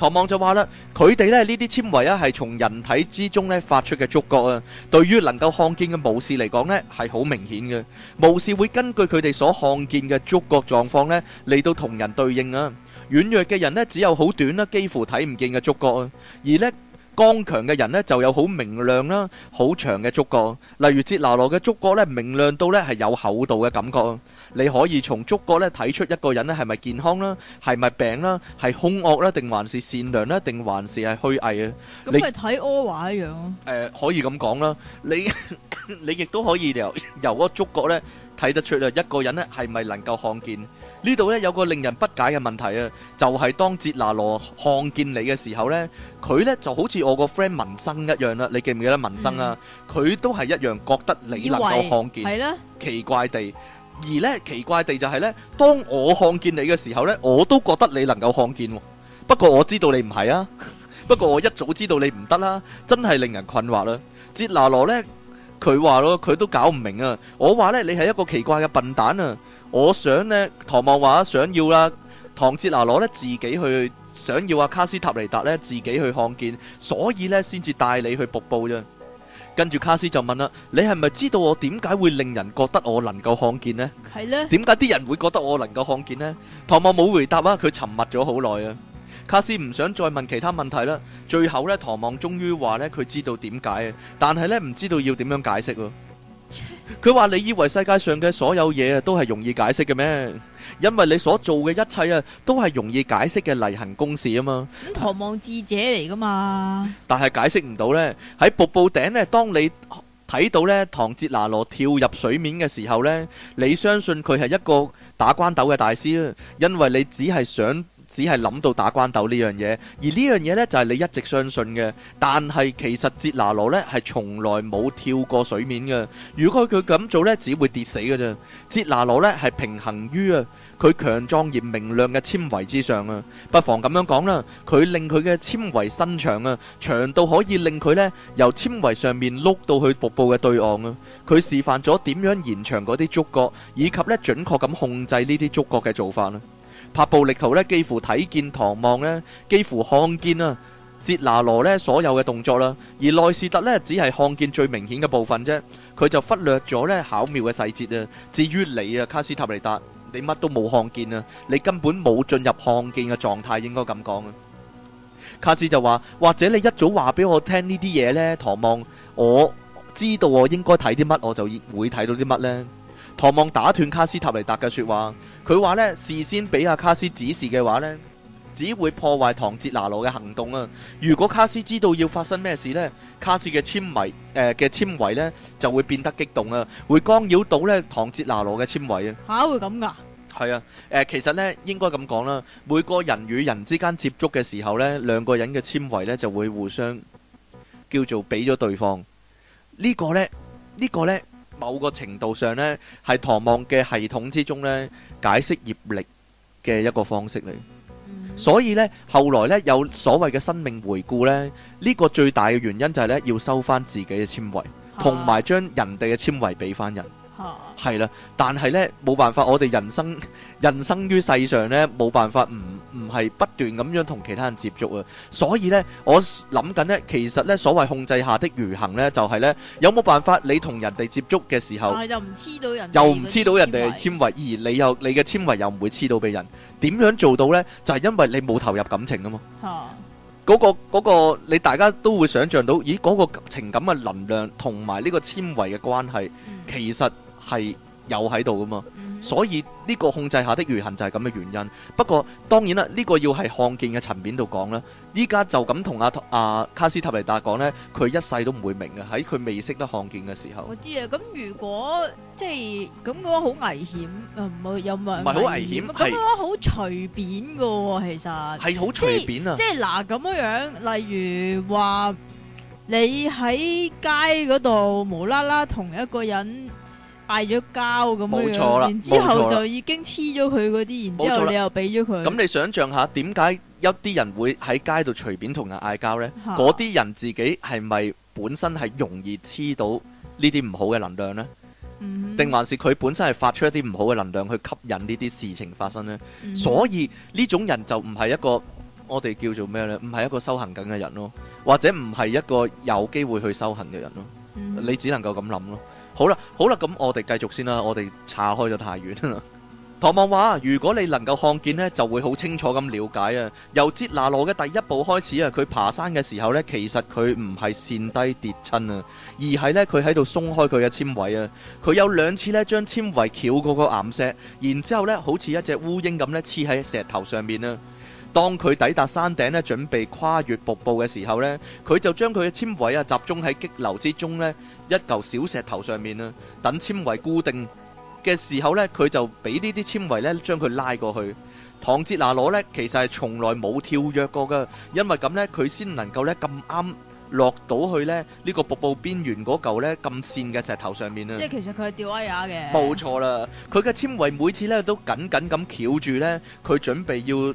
唐望就話啦，佢哋咧呢啲纖維啊，係從人體之中咧發出嘅觸覺啊。對於能夠看見嘅武士嚟講咧，係好明顯嘅。武士會根據佢哋所看見嘅觸覺狀況咧，嚟到同人對應啊。軟弱嘅人咧，只有好短啦，幾乎睇唔見嘅觸覺啊。而咧剛強嘅人咧，就有好明亮啦、好長嘅觸覺。例如哲拿羅嘅觸覺咧，明亮到咧係有厚度嘅感覺。你可以從觸覺咧睇出一個人咧係咪健康啦，係咪病啦，係兇惡咧定還是善良咧，定還是係虛偽啊？咁咪睇柯華一樣咯。誒，可以咁講啦。你你亦都可以由由嗰觸覺咧睇得出啊，一個人咧係咪能夠看見？呢度咧有個令人不解嘅問題啊，就係當哲拿羅看見你嘅時候咧，佢咧就好似我個 friend 民生一樣啦。你記唔記得民生啊？佢都係一樣覺得你能夠看見，係啦，奇怪地。而咧奇怪地就係咧，當我看見你嘅時候咧，我都覺得你能夠看見，不過我知道你唔係啊，不過我一早知道你唔得啦，真係令人困惑啦、啊。哲拿羅咧，佢話咯，佢都搞唔明啊。我話咧，你係一個奇怪嘅笨蛋啊。我想咧，唐望話想要啦、啊，唐哲拿羅咧自己去想要阿、啊、卡斯塔尼達咧自己去看見，所以咧先至帶你去瀑布啫。跟住卡斯就問啦，你係咪知道我點解會令人覺得我能夠看見呢？係咧，點解啲人會覺得我能夠看見呢？唐望冇回答啊，佢沉默咗好耐啊。卡斯唔想再問其他問題啦，最後咧，唐望終於話咧，佢知道點解，但係咧唔知道要點樣解釋咯。佢話你以為世界上嘅所有嘢啊都係容易解釋嘅咩？因為你所做嘅一切啊，都係容易解釋嘅例行公事啊嘛。咁、嗯，唐望智者嚟噶嘛？但係解釋唔到呢。喺瀑布頂呢，當你睇到呢，唐哲拿羅跳入水面嘅時候呢，你相信佢係一個打關斗嘅大師啦，因為你只係想。只係諗到打關鬥呢樣嘢，而呢樣嘢咧就係你一直相信嘅。但係其實哲拿羅咧係從來冇跳過水面嘅。如果佢咁做咧，只會跌死嘅啫。哲拿羅咧係平衡於啊佢強壯而明亮嘅纖維之上啊。不妨咁樣講啦，佢令佢嘅纖維伸長啊，長到可以令佢咧由纖維上面碌到去瀑布嘅對岸啊。佢示範咗點樣延長嗰啲觸角，以及咧準確咁控制呢啲觸角嘅做法啦。拍布力圖咧，幾乎睇見唐望咧，幾乎看見啊，捷拿羅咧所有嘅動作啦，而內士特咧只係看見最明顯嘅部分啫，佢就忽略咗咧巧妙嘅細節啊。至於你啊，卡斯塔尼達，你乜都冇看見啊，你根本冇進入看見嘅狀態，應該咁講啊。卡斯就話：「或者你一早話俾我聽呢啲嘢呢，唐望，我知道我應該睇啲乜，我就會睇到啲乜呢。」唐望打斷卡斯塔尼達嘅說話，佢話呢事先俾阿卡斯指示嘅話呢，只會破壞唐哲拿羅嘅行動啊！如果卡斯知道要發生咩事呢，卡斯嘅纖維誒嘅纖維呢就會變得激動啊，會干擾到呢唐哲拿羅嘅纖維啊！吓會咁噶？係啊，誒，其實呢應該咁講啦，每個人與人之間接觸嘅時候呢，兩個人嘅纖維呢就會互相叫做俾咗對方、呢個、呢、呢個呢呢個呢。某個程度上呢，係唐望嘅系統之中呢，解釋業力嘅一個方式嚟，所以呢後來呢有所謂嘅生命回顧呢，呢個最大嘅原因就係呢要收返自己嘅纖維，同埋將人哋嘅纖維畀返人。係啦，但係咧冇辦法，我哋人生人生於世上咧，冇辦法唔唔係不斷咁樣同其他人接觸啊。所以咧，我諗緊咧，其實咧所謂控制下的愚行咧，就係咧有冇辦法你同人哋接觸嘅時候，就唔黐到人，又唔黐到人哋嘅纖維，而你又你嘅纖維又唔會黐到俾人。點樣做到咧？就係因為你冇投入感情啊嘛。嗰個嗰個你大家都會想象到，咦嗰個情感嘅能量同埋呢個纖維嘅關係，其實。係有喺度噶嘛，mm hmm. 所以呢個控制下的愚行就係咁嘅原因。不過當然啦，呢、這個要係看見嘅層面度講啦。依家就咁同阿阿卡斯塔尼達講咧，佢一世都唔會明嘅。喺佢未識得看見嘅時候，我知、嗯、啊。咁如果即係咁，嗰個好危險啊！唔好有唔係唔係好危險。咁嗰個好隨便噶，其實係好隨便啊。即係嗱，咁樣樣，例如話你喺街嗰度無啦啦同一個人。嗌咗交咁樣，冇錯啦，然之後就已經黐咗佢嗰啲，然之後你又俾咗佢。咁你想象下，點解一啲人會喺街度隨便同人嗌交呢？嗰啲人自己係咪本身係容易黐到呢啲唔好嘅能量呢？定還是佢本身係發出一啲唔好嘅能量去吸引呢啲事情發生呢？所以呢種人就唔係一個我哋叫做咩呢？唔係一個修行緊嘅人咯，或者唔係一個有機會去修行嘅人咯。你只能夠咁諗咯。好啦，好啦，咁我哋繼續先啦。我哋岔開咗太遠啦。 唐望話：如果你能夠看見呢，就會好清楚咁了解啊。由哲拿羅嘅第一步開始啊，佢爬山嘅時候呢，其實佢唔係跣低跌親啊，而係呢，佢喺度鬆開佢嘅纖維啊。佢有兩次呢，將纖維翹過個岩石，然之後咧好似一隻烏蠅咁呢，黐喺石頭上面啊。當佢抵達山頂呢，準備跨越瀑布嘅時候呢，佢就將佢嘅纖維啊集中喺激流之中呢。一嚿小石頭上面啦，等纖維固定嘅時候咧，佢就俾呢啲纖維咧將佢拉過去。唐哲拿羅咧，其實係從來冇跳躍過嘅，因為咁咧，佢先能夠咧咁啱落到去咧呢個瀑布邊緣嗰嚿咧咁細嘅石頭上面啊。即係其實佢係吊威亞嘅。冇錯啦，佢嘅纖維每次咧都緊緊咁翹住咧，佢準備要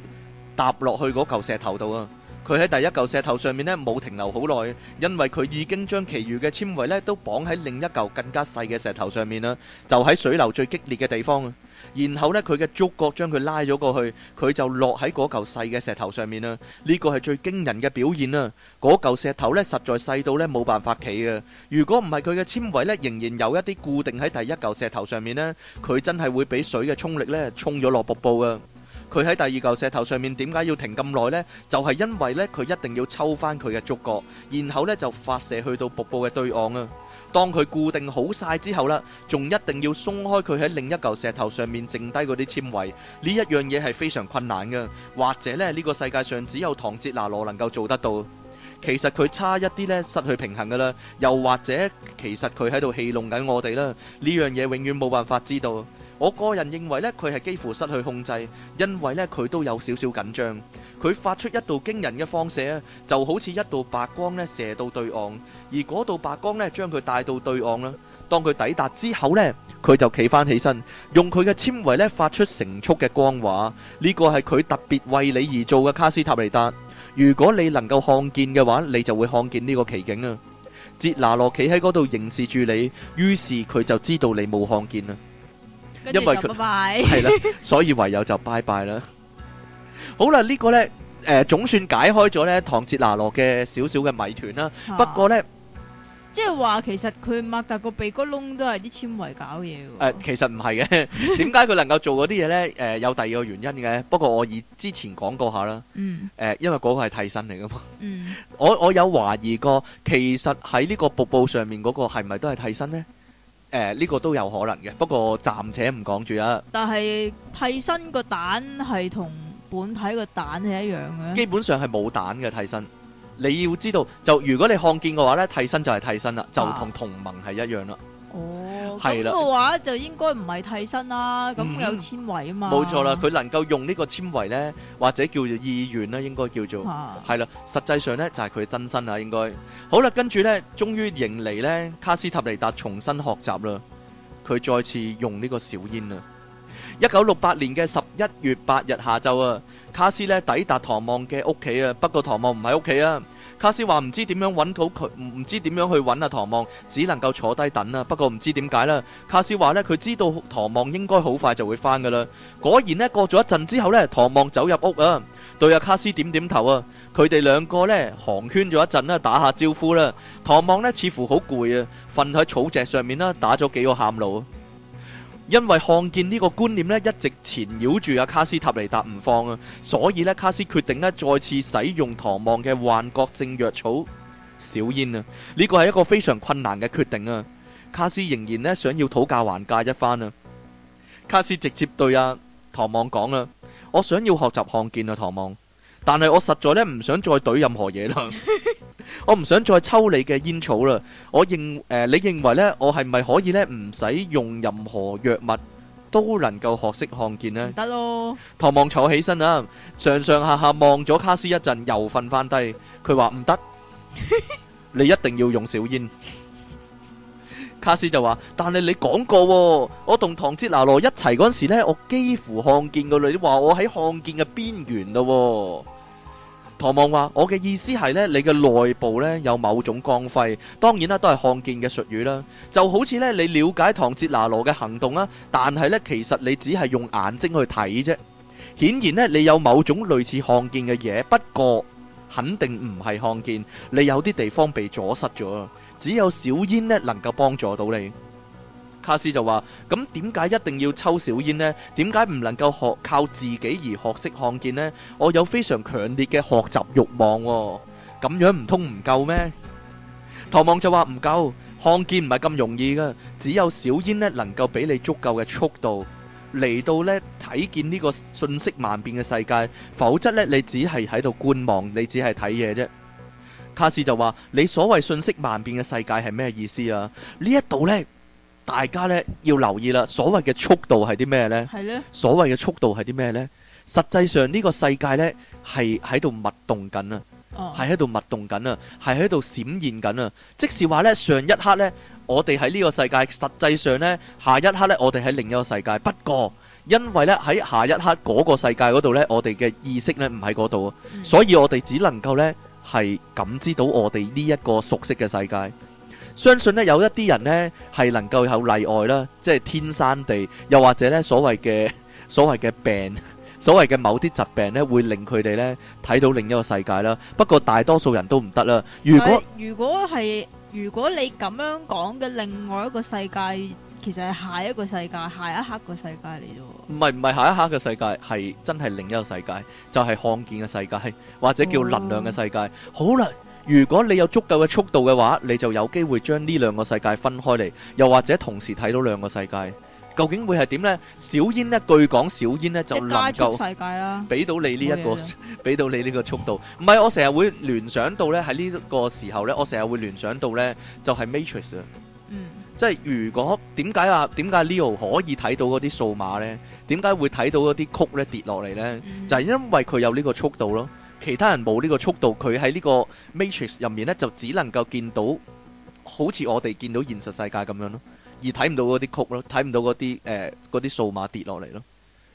踏落去嗰嚿石頭度啊。佢喺第一嚿石頭上面咧冇停留好耐，因為佢已經將其餘嘅纖維咧都綁喺另一嚿更加細嘅石頭上面啦，就喺水流最激烈嘅地方。然後呢，佢嘅觸角將佢拉咗過去，佢就落喺嗰嚿細嘅石頭上面啦。呢個係最驚人嘅表現啦！嗰嚿石頭咧實在細到咧冇辦法企啊！如果唔係佢嘅纖維咧仍然有一啲固定喺第一嚿石頭上面咧，佢真係會俾水嘅沖力咧沖咗落瀑布噶。佢喺第二嚿石頭上面點解要停咁耐呢？就係因為呢，佢一定要抽翻佢嘅觸角，然後呢就發射去到瀑布嘅對岸啊！當佢固定好晒之後啦，仲一定要鬆開佢喺另一嚿石頭上面剩低嗰啲纖維，呢一樣嘢係非常困難噶，或者呢，呢個世界上只有唐哲拿羅能夠做得到。其實佢差一啲呢失去平衡噶啦，又或者其實佢喺度戲弄緊我哋啦，呢樣嘢永遠冇辦法知道。我個人認為呢佢係幾乎失去控制，因為呢佢都有少少緊張。佢發出一道驚人嘅放射啊，就好似一道白光呢射到對岸，而嗰道白光呢將佢帶到對岸啦。當佢抵達之後呢，佢就企翻起身，用佢嘅纖維呢發出成速嘅光華。呢個係佢特別為你而做嘅，卡斯塔尼達。如果你能夠看見嘅話，你就會看見呢個奇景啊。哲拿羅企喺嗰度凝視住你，於是佢就知道你冇看見啦。因為佢係啦，所以唯有就拜拜啦。好啦，呢個咧，誒，總算解開咗咧唐哲拿羅嘅少少嘅謎團啦。不過咧，即係話其實佢擘大個鼻哥窿都係啲纖維搞嘢嘅。誒，其實唔係嘅，點解佢能夠做嗰啲嘢咧？誒，有第二個原因嘅。不過我以之前講過下啦。嗯。誒，因為嗰個係替身嚟噶嘛。嗯。我我有懷疑過，其實喺呢個瀑布上面嗰個係咪都係替身咧？誒呢、呃呢個都有可能嘅，不過暫且唔講住啦。但係替身個蛋係同本體個蛋係一樣嘅。基本上係冇蛋嘅替身。你要知道，就如果你看見嘅話呢，替身就係替身啦，就同同盟係一樣啦、啊。哦。咁嘅話就應該唔係替身、啊、嗯、啦，咁有纖維啊嘛。冇錯啦，佢能夠用呢個纖維呢，或者叫做意願啦、啊，應該叫做係、啊、啦。實際上呢，就係、是、佢真身啦、啊，應該。好啦，跟住呢，終於迎嚟，呢卡斯塔尼達重新學習啦。佢再次用呢個小煙啦。一九六八年嘅十一月八日下晝啊，卡斯呢抵達唐望嘅屋企啊，不過唐望唔喺屋企啊。卡斯話唔知點樣揾到佢，唔知點樣去揾阿唐望，只能夠坐低等啦。不過唔知點解啦，卡斯話呢，佢知道唐望應該好快就會翻噶啦。果然呢，過咗一陣之後呢，唐望走入屋啊，對阿卡斯點點頭啊。佢哋兩個呢，寒暄咗一陣啦，打下招呼啦。唐望呢，似乎好攰啊，瞓喺草席上面啦，打咗幾個喊路。因為看見呢個觀念咧，一直纏繞住阿卡斯塔尼達唔放啊，所以咧卡斯決定咧再次使用唐望嘅幻覺性藥草小煙啊。呢個係一個非常困難嘅決定啊。卡斯仍然咧想要討價還價一番啊。卡斯直接對阿唐望講啦：，我想要學習看見啊，唐望，但係我實在咧唔想再懟任何嘢啦。 我唔想再抽你嘅煙草啦，我認誒、呃，你認為呢？我係咪可以呢？唔使用，用任何藥物都能夠學識看見呢？唔得咯，唐望坐起身啦、啊，上上下下望咗卡斯一陣，又瞓翻低。佢話唔得， 你一定要用小煙。卡斯就話，但係你講過、啊，我同唐哲拿羅一齊嗰陣時咧，我幾乎看見個你、啊，話我喺看見嘅邊緣咯。唐望話：我嘅意思係咧，你嘅內部咧有某種光輝，當然啦，都係看見嘅術語啦。就好似咧，你了解唐哲拿羅嘅行動啊，但係咧，其實你只係用眼睛去睇啫。顯然咧，你有某種類似看見嘅嘢，不過肯定唔係看見。你有啲地方被阻塞咗，只有小煙咧能夠幫助到你。卡斯就話：咁點解一定要抽小煙呢？點解唔能夠學靠自己而學識看見呢？我有非常強烈嘅學習慾望，哦，咁樣唔通唔夠咩？唐望就話唔夠，看見唔係咁容易噶，只有小煙呢能夠俾你足夠嘅速度嚟到呢睇見呢個信息萬變嘅世界，否則呢你只係喺度觀望，你只係睇嘢啫。卡斯就話：你所謂信息萬變嘅世界係咩意思啊？呢一度呢？大家咧要留意啦，所謂嘅速度係啲咩呢？ 所謂嘅速度係啲咩呢？實際上呢個世界呢，係喺度脈動緊啊，係喺度脈動緊啊，係喺度閃現緊啊。即係話呢，上一刻呢，我哋喺呢個世界；實際上呢，下一刻呢，我哋喺另一個世界。不過，因為呢，喺下一刻嗰個世界嗰度呢，我哋嘅意識呢唔喺嗰度啊，嗯、所以我哋只能夠呢，係感知到我哋呢一個熟悉嘅世界。相信咧有一啲人咧係能夠有例外啦，即係天生地，又或者咧所謂嘅所謂嘅病，所謂嘅某啲疾病咧會令佢哋咧睇到另一個世界啦。不過大多數人都唔得啦。如果如果係如果你咁樣講嘅另外一個世界，其實係下一個世界，下一刻嘅世界嚟啫。唔係唔係下一刻嘅世界，係真係另一個世界，就係看見嘅世界或者叫能量嘅世界。好啦。如果你有足夠嘅速度嘅話，你就有機會將呢兩個世界分開嚟，又或者同時睇到兩個世界。究竟會係點呢？小煙呢，據講小煙呢就能夠俾到你呢一個，俾到你呢個速度。唔係，我成日會聯想到呢，喺呢個時候呢，我成日會聯想到呢，就係 Matrix 啊。嗯。即係如果點解啊？點解 Leo 可以睇到嗰啲數碼呢？點解會睇到嗰啲曲呢跌落嚟呢？就係因為佢有呢個速度咯。其他人冇呢個速度，佢喺呢個 matrix 入面呢，就只能夠見到好似我哋見到現實世界咁樣咯，而睇唔到嗰啲曲咯，睇唔到嗰啲誒啲數碼跌落嚟咯，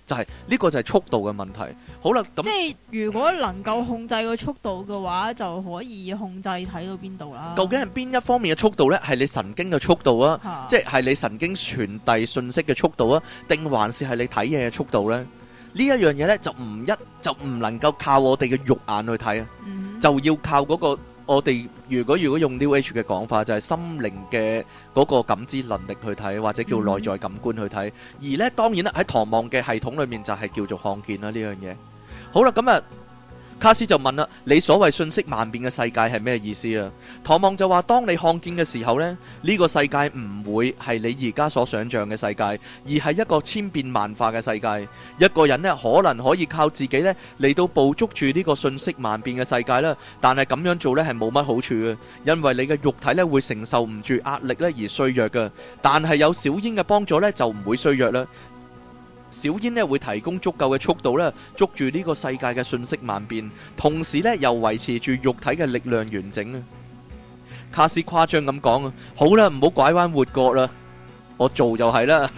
就係呢個就係速度嘅問題。好啦，咁即係如果能夠控制個速度嘅話，就可以控制睇到邊度啦。究竟係邊一方面嘅速度呢？係你神經嘅速度啊，啊即係你神經傳遞信息嘅速度啊，定還是係你睇嘢嘅速度呢？呢一樣嘢呢，就唔一就唔能夠靠我哋嘅肉眼去睇啊，mm hmm. 就要靠嗰、那個我哋如果如果用 New Age 嘅講法就係、是、心靈嘅嗰個感知能力去睇，或者叫內在感官去睇。Mm hmm. 而呢，當然咧喺唐望嘅系統裏面就係叫做看見啦，呢樣嘢。好啦，咁啊。卡斯就問啦：你所謂信息萬變嘅世界係咩意思啊？唐望就話：當你看見嘅時候呢，呢個世界唔會係你而家所想像嘅世界，而係一個千變萬化嘅世界。一個人呢，可能可以靠自己呢嚟到捕捉住呢個信息萬變嘅世界啦，但係咁樣做呢，係冇乜好處嘅，因為你嘅肉體呢會承受唔住壓力呢而衰弱嘅。但係有小英嘅幫助呢，就唔會衰弱啦。小英咧，會提供足夠嘅速度咧，捉住呢個世界嘅信息萬變，同時咧又維持住肉體嘅力量完整啊！卡斯誇張咁講啊，好啦，唔好拐彎抹角啦，我做就係啦。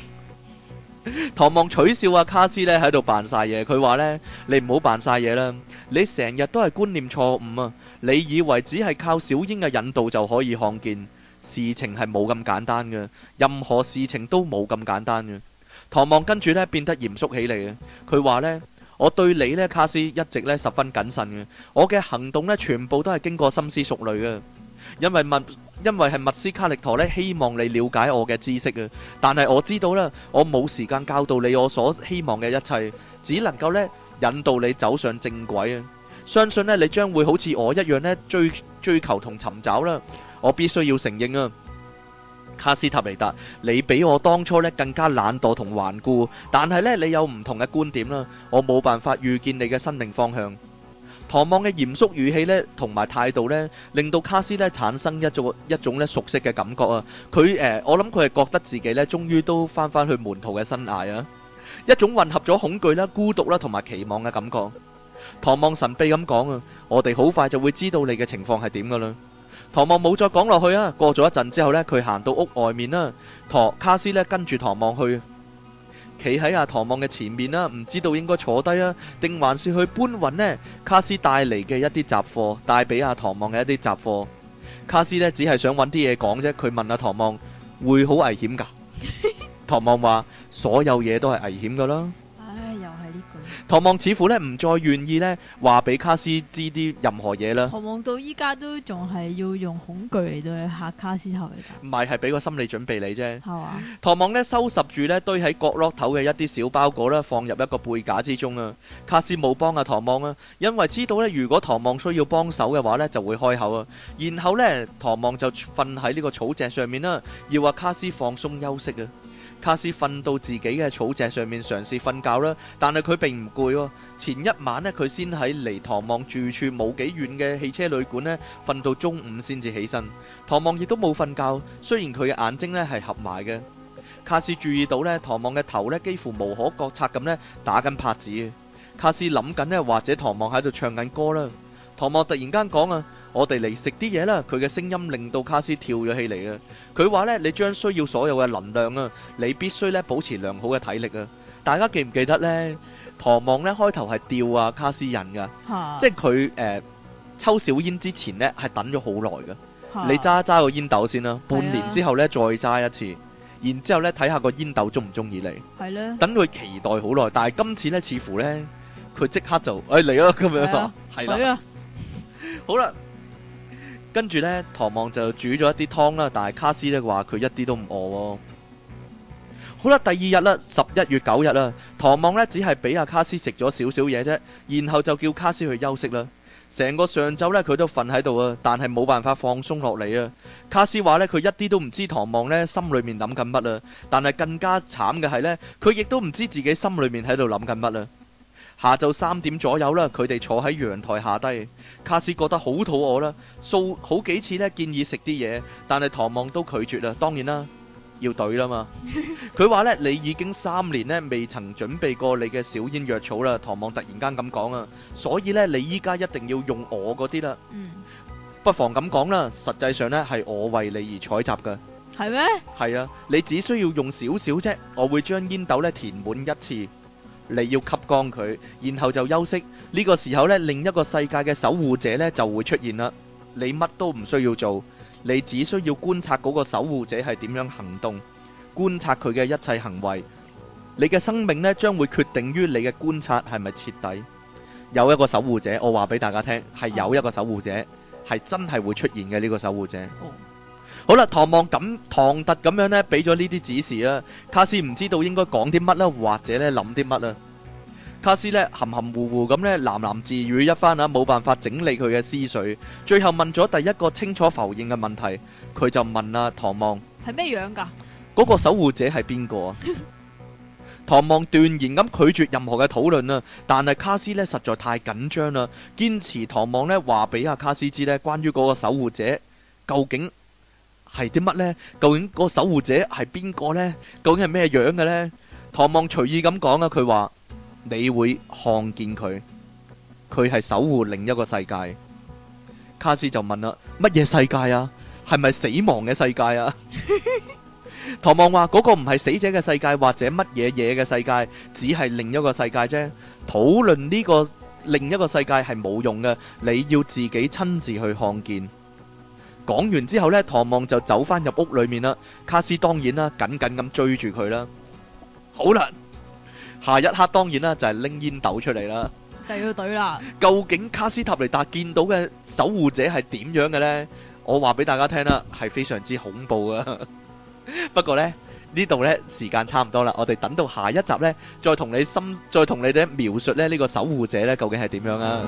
唐 望取笑啊，卡斯咧喺度扮晒嘢，佢話咧，你唔好扮晒嘢啦，你成日都係觀念錯誤啊！你以為只係靠小英嘅引導就可以看見事情，係冇咁簡單嘅，任何事情都冇咁簡單嘅。唐望跟住咧變得嚴肅起嚟嘅，佢話呢，我對你呢卡斯一直咧十分謹慎嘅，我嘅行動呢，全部都係經過深思熟慮嘅，因為密因為係密斯卡力陀呢，希望你了解我嘅知識啊，但係我知道啦，我冇時間教導你我所希望嘅一切，只能夠呢引導你走上正軌啊！相信呢，你將會好似我一樣呢，追追求同尋找啦，我必須要承認啊！卡斯塔尼達，你比我當初咧更加懶惰同頑固，但係咧你有唔同嘅觀點啦，我冇辦法預見你嘅生命方向。唐望嘅嚴肅語氣咧，同埋態度咧，令到卡斯咧產生一種一種咧熟悉嘅感覺啊！佢誒、呃，我諗佢係覺得自己咧，終於都翻翻去門徒嘅生涯啊！一種混合咗恐懼啦、孤獨啦同埋期望嘅感覺。唐望神秘咁講啊，我哋好快就會知道你嘅情況係點噶啦。唐望冇再講落去啊，過咗一陣之後呢，佢行到屋外面啦、啊。唐卡斯呢，跟住唐望去，企喺阿唐望嘅前面啦、啊，唔知道應該坐低啊，定還是去搬運呢？卡斯帶嚟嘅一啲雜貨，帶俾阿唐望嘅一啲雜貨。卡斯呢，只係想揾啲嘢講啫，佢問阿、啊、唐望會好危險噶？唐望話：所有嘢都係危險噶啦。唐望似乎咧唔再願意咧話俾卡斯知啲任何嘢啦。唐望到依家都仲係要用恐懼嚟對嚇卡斯頭嘅。唔係係俾個心理準備你啫。係嘛？唐望呢收拾住呢堆喺角落頭嘅一啲小包裹啦，放入一個背架之中啊。卡斯冇幫啊唐望啊，因為知道呢如果唐望需要幫手嘅話呢，就會開口啊。然後呢，唐望就瞓喺呢個草席上面啦，要話卡斯放鬆休息啊。卡斯瞓到自己嘅草席上面，嘗試瞓覺啦。但係佢並唔攰喎。前一晚呢，佢先喺離唐望住處冇幾遠嘅汽車旅館呢瞓到中午先至起身。唐望亦都冇瞓覺，雖然佢嘅眼睛呢係合埋嘅。卡斯注意到呢，唐望嘅頭呢幾乎無可覺察咁呢打緊拍子。卡斯諗緊呢，或者唐望喺度唱緊歌啦。唐望突然間講啊，我哋嚟食啲嘢啦！佢嘅聲音令到卡斯跳咗起嚟啊！佢話呢，你將需要所有嘅能量啊，你必須咧保持良好嘅體力啊！大家記唔記得呢？唐望呢，開頭係吊啊卡斯人噶，即係佢誒抽小煙之前呢係等咗好耐噶，你揸揸個煙斗先啦，半年之後呢再揸一次，然之後咧睇下個煙斗中唔中意你，等佢期待好耐，但係今次呢，似乎呢，佢即刻就誒嚟啦咁樣，啊，係啦。effort China 好啦，跟住呢唐望就煮咗一啲湯啦，但係卡斯呢話佢一啲都唔餓喎。好啦，第二日啦，十一月九日啦，唐望呢只係俾阿卡斯食咗少少嘢啫，然後就叫卡斯去休息啦。成個上晝呢，佢都瞓喺度啊，但係冇辦法放鬆落嚟啊。卡斯話呢，佢一啲都唔知唐望呢心裏面諗緊乜啊。但係更加慘嘅係呢，佢亦都唔知自己心裏面喺度諗緊乜啊。下晝三點左右啦，佢哋坐喺陽台下低。卡斯覺得好肚餓啦，數好幾次咧建議食啲嘢，但係唐望都拒絕啦。當然啦，要懟啦嘛。佢話咧，你已經三年咧未曾準備過你嘅小煙藥草啦。唐望突然間咁講啊，所以呢，你依家一定要用我嗰啲啦。嗯，不妨咁講啦。實際上咧係我為你而採集㗎。係咩？係啊，你只需要用少少啫，我會將煙斗咧填滿一次。你要吸光佢，然後就休息。呢個時候咧，另一個世界嘅守護者咧就會出現啦。你乜都唔需要做，你只需要觀察嗰個守護者係點樣行動，觀察佢嘅一切行為。你嘅生命咧將會決定於你嘅觀察係咪徹底。有一個守護者，我話俾大家聽，係有一個守護者係真係會出現嘅。呢個守護者。好啦，唐望咁唐突咁樣呢，俾咗呢啲指示啦。卡斯唔知道應該講啲乜啦，或者呢諗啲乜啦。卡斯呢含含糊糊咁呢喃喃自語一番啊，冇辦法整理佢嘅思緒。最後問咗第一個清楚浮現嘅問題，佢就問啦：唐望係咩樣㗎？嗰個守護者係邊個啊？唐望斷然咁拒絕任何嘅討論啦。但係卡斯呢實在太緊張啦，堅持唐望呢話俾阿卡斯知呢關於嗰個守護者究竟。係啲乜呢？究竟個守護者係邊個呢？究竟係咩樣嘅呢？唐望隨意咁講啊，佢話你會看見佢，佢係守護另一個世界。卡斯就問啦：乜嘢世界啊？係咪死亡嘅世界啊？唐望話：嗰個唔係死者嘅世界，或者乜嘢嘢嘅世界，只係另一個世界啫。討論呢個另一個世界係冇用嘅，你要自己親自去看見。講完之後呢，唐望就走翻入屋裏面啦。卡斯當然啦，緊緊咁追住佢啦。好啦，下一刻當然啦，就係拎煙斗出嚟啦，就要懟啦。究竟卡斯塔尼達見到嘅守護者係點樣嘅呢？我話俾大家聽啦，係非常之恐怖啊！不過呢，呢度呢時間差唔多啦，我哋等到下一集呢，再同你深，再同你哋描述呢呢個守護者呢，究竟係點樣啊？